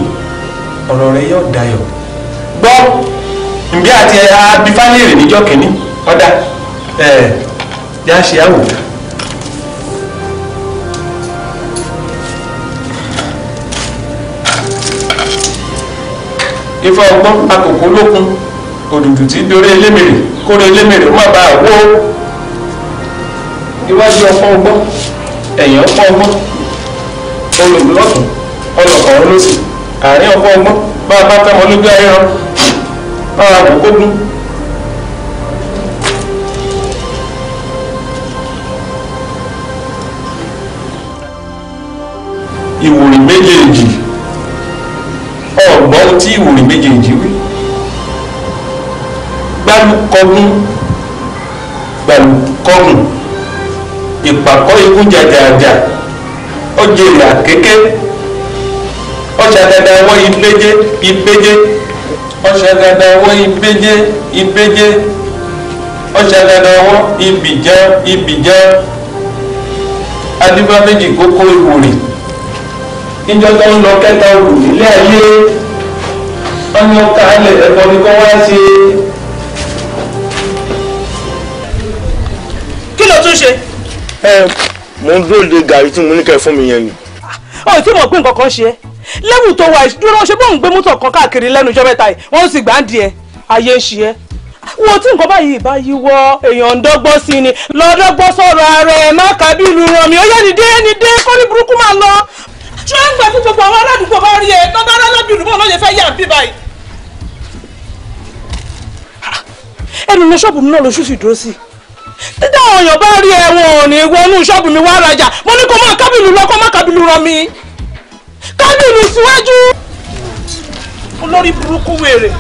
ọ̀rọ̀ rẹ yóò dayọ̀ gbọ́ ǹjẹ́ àti abifálẹ́rì níjọ́ kìíní ọ̀dà ẹ̀ yá ṣe àwò. ifá ọgbọ́n akòkò lókun òdùdù tí dorí elémèrè kórè elémèrè má bàa wó iwájú ọpọ ọgbọ́n ẹ̀yìn ọpọ ọgbọ́n olùmúlọ́tún ọlọ́kọ̀ọ́ lọ́sì àárín ọpọ ọgbọ́n bá a bá tẹ́ ọmọ lójú ayé rán ọ̀rọ̀ àbùkógún. ìwòrì méjèèjì ọ̀gbọ́n tí ìwòrì méjèèjì wí gbálùkọ́gún gbálùkọ́gùn ìpàkọ́ ikú jàjàjà ọjẹrì àkéké ọjà dada wọ́n iléje ìpéje ọ̀ṣẹ̀dẹ̀dẹ̀ ọwọ́ ìbéjé ìbéjé ọ̀ṣẹ̀dẹ̀dẹ̀ ọwọ́ ìbìjẹ́ ìbìjẹ́ adúbá méjì kókó ìwòrì níjọ́ tó ń lọ kẹta olù nílé ayé ọmọ kálẹ̀ ẹ̀kọ́ ni kò wá ṣe. kí ló tún ṣe. ẹ mò ń dúró de gàrí tí mo ní kẹ́ fún mi yẹn ni. ó ah, ti mọ̀ pé nǹkan kan ṣe lẹ́wù tó wà dúró ṣe bóun gbé mọ́tò kan káàkiri lẹ́nu ọjọ́ mẹ́ta yìí wọ́n sì gbà ń di ẹ ayé ń ṣe ẹ́ wo tí nǹkan báyìí bá yí wọ èèyàn ń dọ́gbọ́n sí ni lọ́dọ́gbọ́n sọ̀rọ̀ ààrẹ má kábí ìlú ràn mí ó yẹ nìdé nìdé kọ́ ní burúkú máa lọ. ṣé ń gbà fún gbogbo àwọn aládùúgbò bá rí ẹ tọ́ba aládùúgbò náà lọ́yẹ̀ fẹ́ yà ń bí báyìí. ẹnu ní ṣọ́ọ̀bù mi náà lóṣù sì dúró sí i títí àwọn èèyàn bá rí ẹ wọn ò ní wọnú ṣọ́ọ̀bù mi wá rajà mo ní kó má kábìlú lọ kó má kábìlú ràn mí kábìlì síwájú. olórí burúkú wèrè.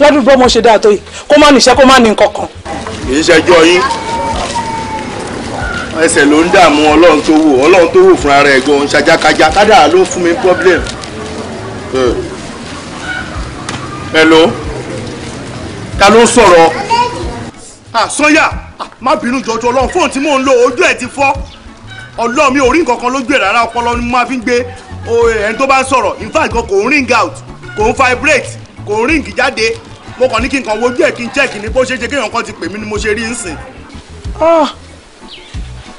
ládùúgbò ọmọ ṣe dáa tó yìí kó má níṣẹ́ kó má ní nǹkan kan. kì í ṣẹjọ́ yín ẹsẹ̀ ló ń dààmú ọlọ́run tó wò ọlọ́run tó wò fúnra rẹ̀ gan ń ṣajákajá kádà ló fún mi problem. hello ta ló ń sọ̀rọ̀ ah sọ́yà. So má bínú jọjọ ọlọ́run fóònù tí mò ń lo ojú ẹ̀ ti fọ́ ọlọ́run mi ò rí nǹkan kan lójú ẹ̀ rárá ọpọlọ ni mo fi ń gbé ẹni tó bá ń sọ̀rọ̀ in fact kò ń ring out kò ń vibrate kò ń ring jáde mo kàn ní kí n kàn wojú ẹ̀ kí n check ní bó ṣe ṣe kéèyàn kan ti pè mí ni mo ṣe rí nsìn.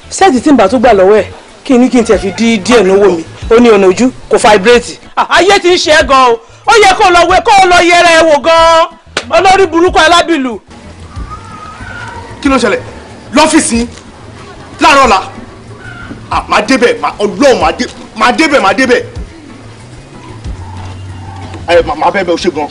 sẹ́ẹ̀tì ah! tí ń bà tó gbà lọ́wọ́ ẹ̀ kí ni kí n tẹ̀ fi dí díẹ̀ lówó mi ó ní ọ̀nà ojú kò vibrate. Ah, ayé ti ń ṣe é gan o ó yẹ kó lọ wé kó lọ yẹra ẹ wò gan olórí burúkú alábìlú kí ló ṣẹlẹ̀ lọ́fíìsì láàárọ̀ ọ̀la màá débẹ̀ ọlọ́run màá débẹ̀ màá débẹ̀ ẹ màá bẹ́ẹ̀ bẹ́ẹ̀ o ṣe gan.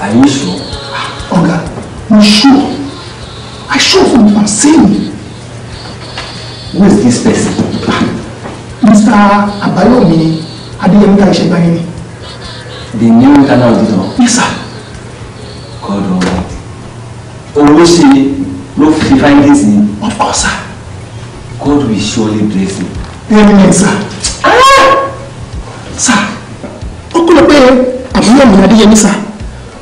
I'm sure. I'm ah, sure what I'm saying who is this person. Mr. Abayomi Adeyemi Taishebayemi. The new internal auditor. Yes, sir. God Almighty. Owóṣe ló fi findings name. Of course, sir. God will surely bless him. Amen, sir. Ah! Sir, ó kúrò pé Abayomi Adeyemi sir,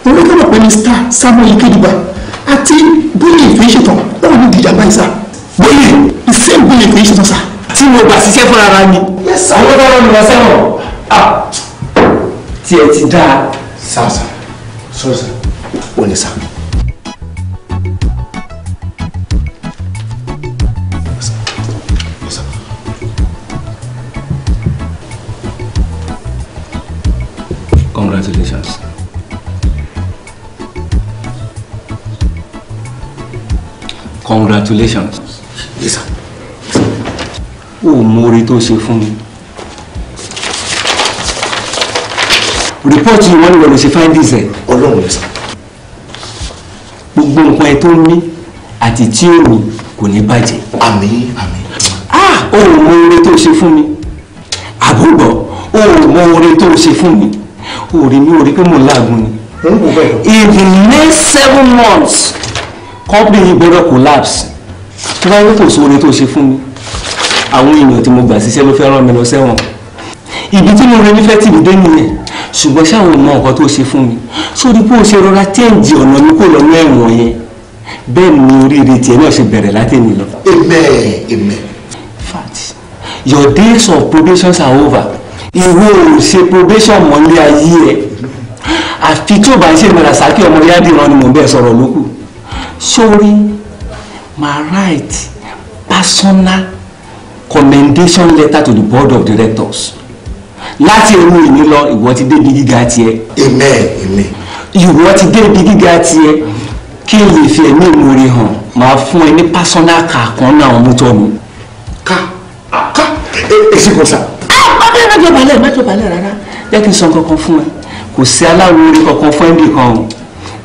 olókèrè pé Mr. Samuel Kediba àti bóyá ìfẹ́ ṣètò wọn ò ní ìdíjà báyìí sir. Bóyá mo gbà ṣiṣẹ́ fún ara mi. àwọn tó ń lọ sẹ́wọ̀n tiẹ̀ ti dáa. sàṣà sọ̀rọ̀ sà ò ní sà. Congratulations. Congratulations ò mórè tó ṣe fún mi. rìpọ́ọ̀tì wọn ni wọ́n lè ṣe findings ẹ̀ ọlọ́run ló sọ. gbogbo nǹkan ẹ tó ń ní àti tí ò ní kò ní bàjẹ́. àmín àmín. ah o ò mórè tó ṣe fún mi àbúgbọ̀ o ò mórè tó ṣe fún mi o mi ò rí pé mo láàgùn ni. in the next seven months company gbọ́dọ̀ collapse tí wọ́n yóò tó sóore tó ṣe fún mi àwọn èèyàn tí mo gbà síṣẹ́ ló fẹ́ rán mi lọ sẹ́wọ̀n ibi tí mo rẹ nífẹ̀ẹ́ tì mí dé nìyẹn ṣùgbọ́n ṣáwọn mọ nǹkan tó ṣe fún mi sórí pé o ṣe rọra téèjì ọ̀nà mi kò lọ́nà ẹ̀wọ̀n yẹn bẹ́ẹ̀ ni oríire tiẹ̀ náà ṣe bẹ̀rẹ̀ látẹ̀mí lọ. amen amen. fact your days of probation are over ìwé ò ṣe probation mọ́lé ayé ẹ̀ àfi tí o bá ń ṣe ìmọ̀ràn sákì ọmọ yáàdì ìran ni mò ń bẹ́ẹ̀ sọ̀rọ̀ lókù sórí my right personal commendation letter to the board of directors láti ẹnu ìní lọ ìwọ ti dé ibi gíga tiẹ̀. amen amen. ìwọ ti dé ibi gíga tiẹ̀ kí n lè fi ẹ̀mí ìmoore hàn máa fún ẹ ní personal car kan náà mú tọ́ mi. ká ká èsì kò sá. ọ̀bẹ mẹ́jọ balẹ̀ mẹ́jọ balẹ̀ rárá jẹ́ kí n sọ nǹkan kan fún ẹ kò sí aláwo orí kankan fún ẹ̀mí kan o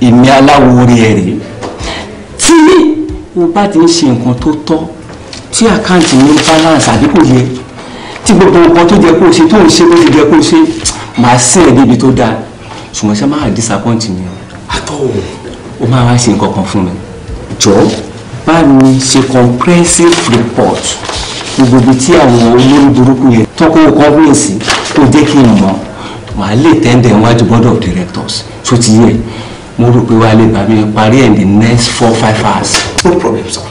èmi aláwo orí ẹ̀ rèé tí o bá ti ń ṣe nǹkan tó tọ́ ṣé àkáǹtì ní balance àbí kò yẹ tí gbogbo nǹkan tó jẹ kó o ṣe tó ń ṣe ló ti jẹ kó o ṣe màá sìn ẹ́ débi tó dáa ṣùgbọ́n ṣe máa disappoint mi o. àtọ̀ o máa wá ṣe nǹkan kan fún mi jọ̀ọ́ bá mi ṣe comprehensive report gbogbo ibi tí àwọn olórí burúkú yẹn tọ́kọ̀ company sí kó jẹ́ kí n mọ̀ màá lè tẹ́ndẹ̀ wájú board of directors tó ti yẹ mo rò pé wálé bàbá mi parí ẹ̀ the next four five hours no problem sir.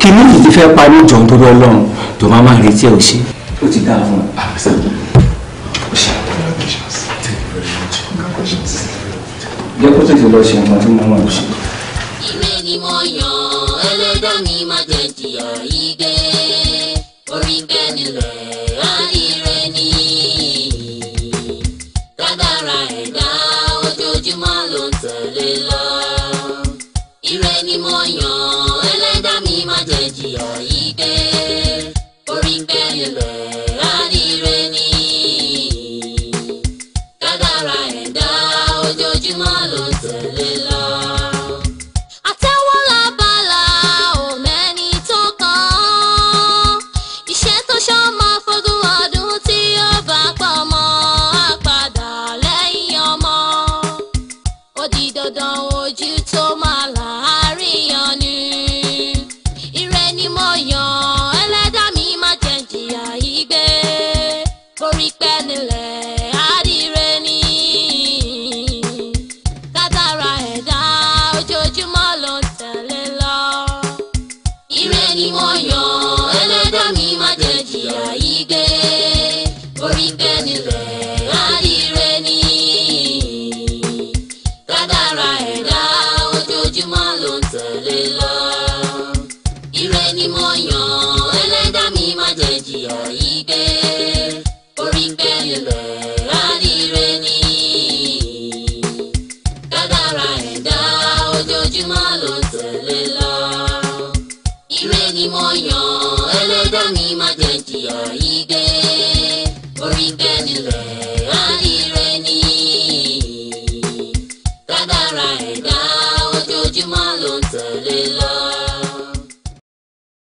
kìnìún yìí ti fẹ́ parí ìjọ nítorí ọlọ́run tó máa máa retí ẹ̀ ò ṣe. ó ti dáa fún un. Ah, jẹ́ kó tètè lọ ṣe nǹkan tí mo máa ń ṣe.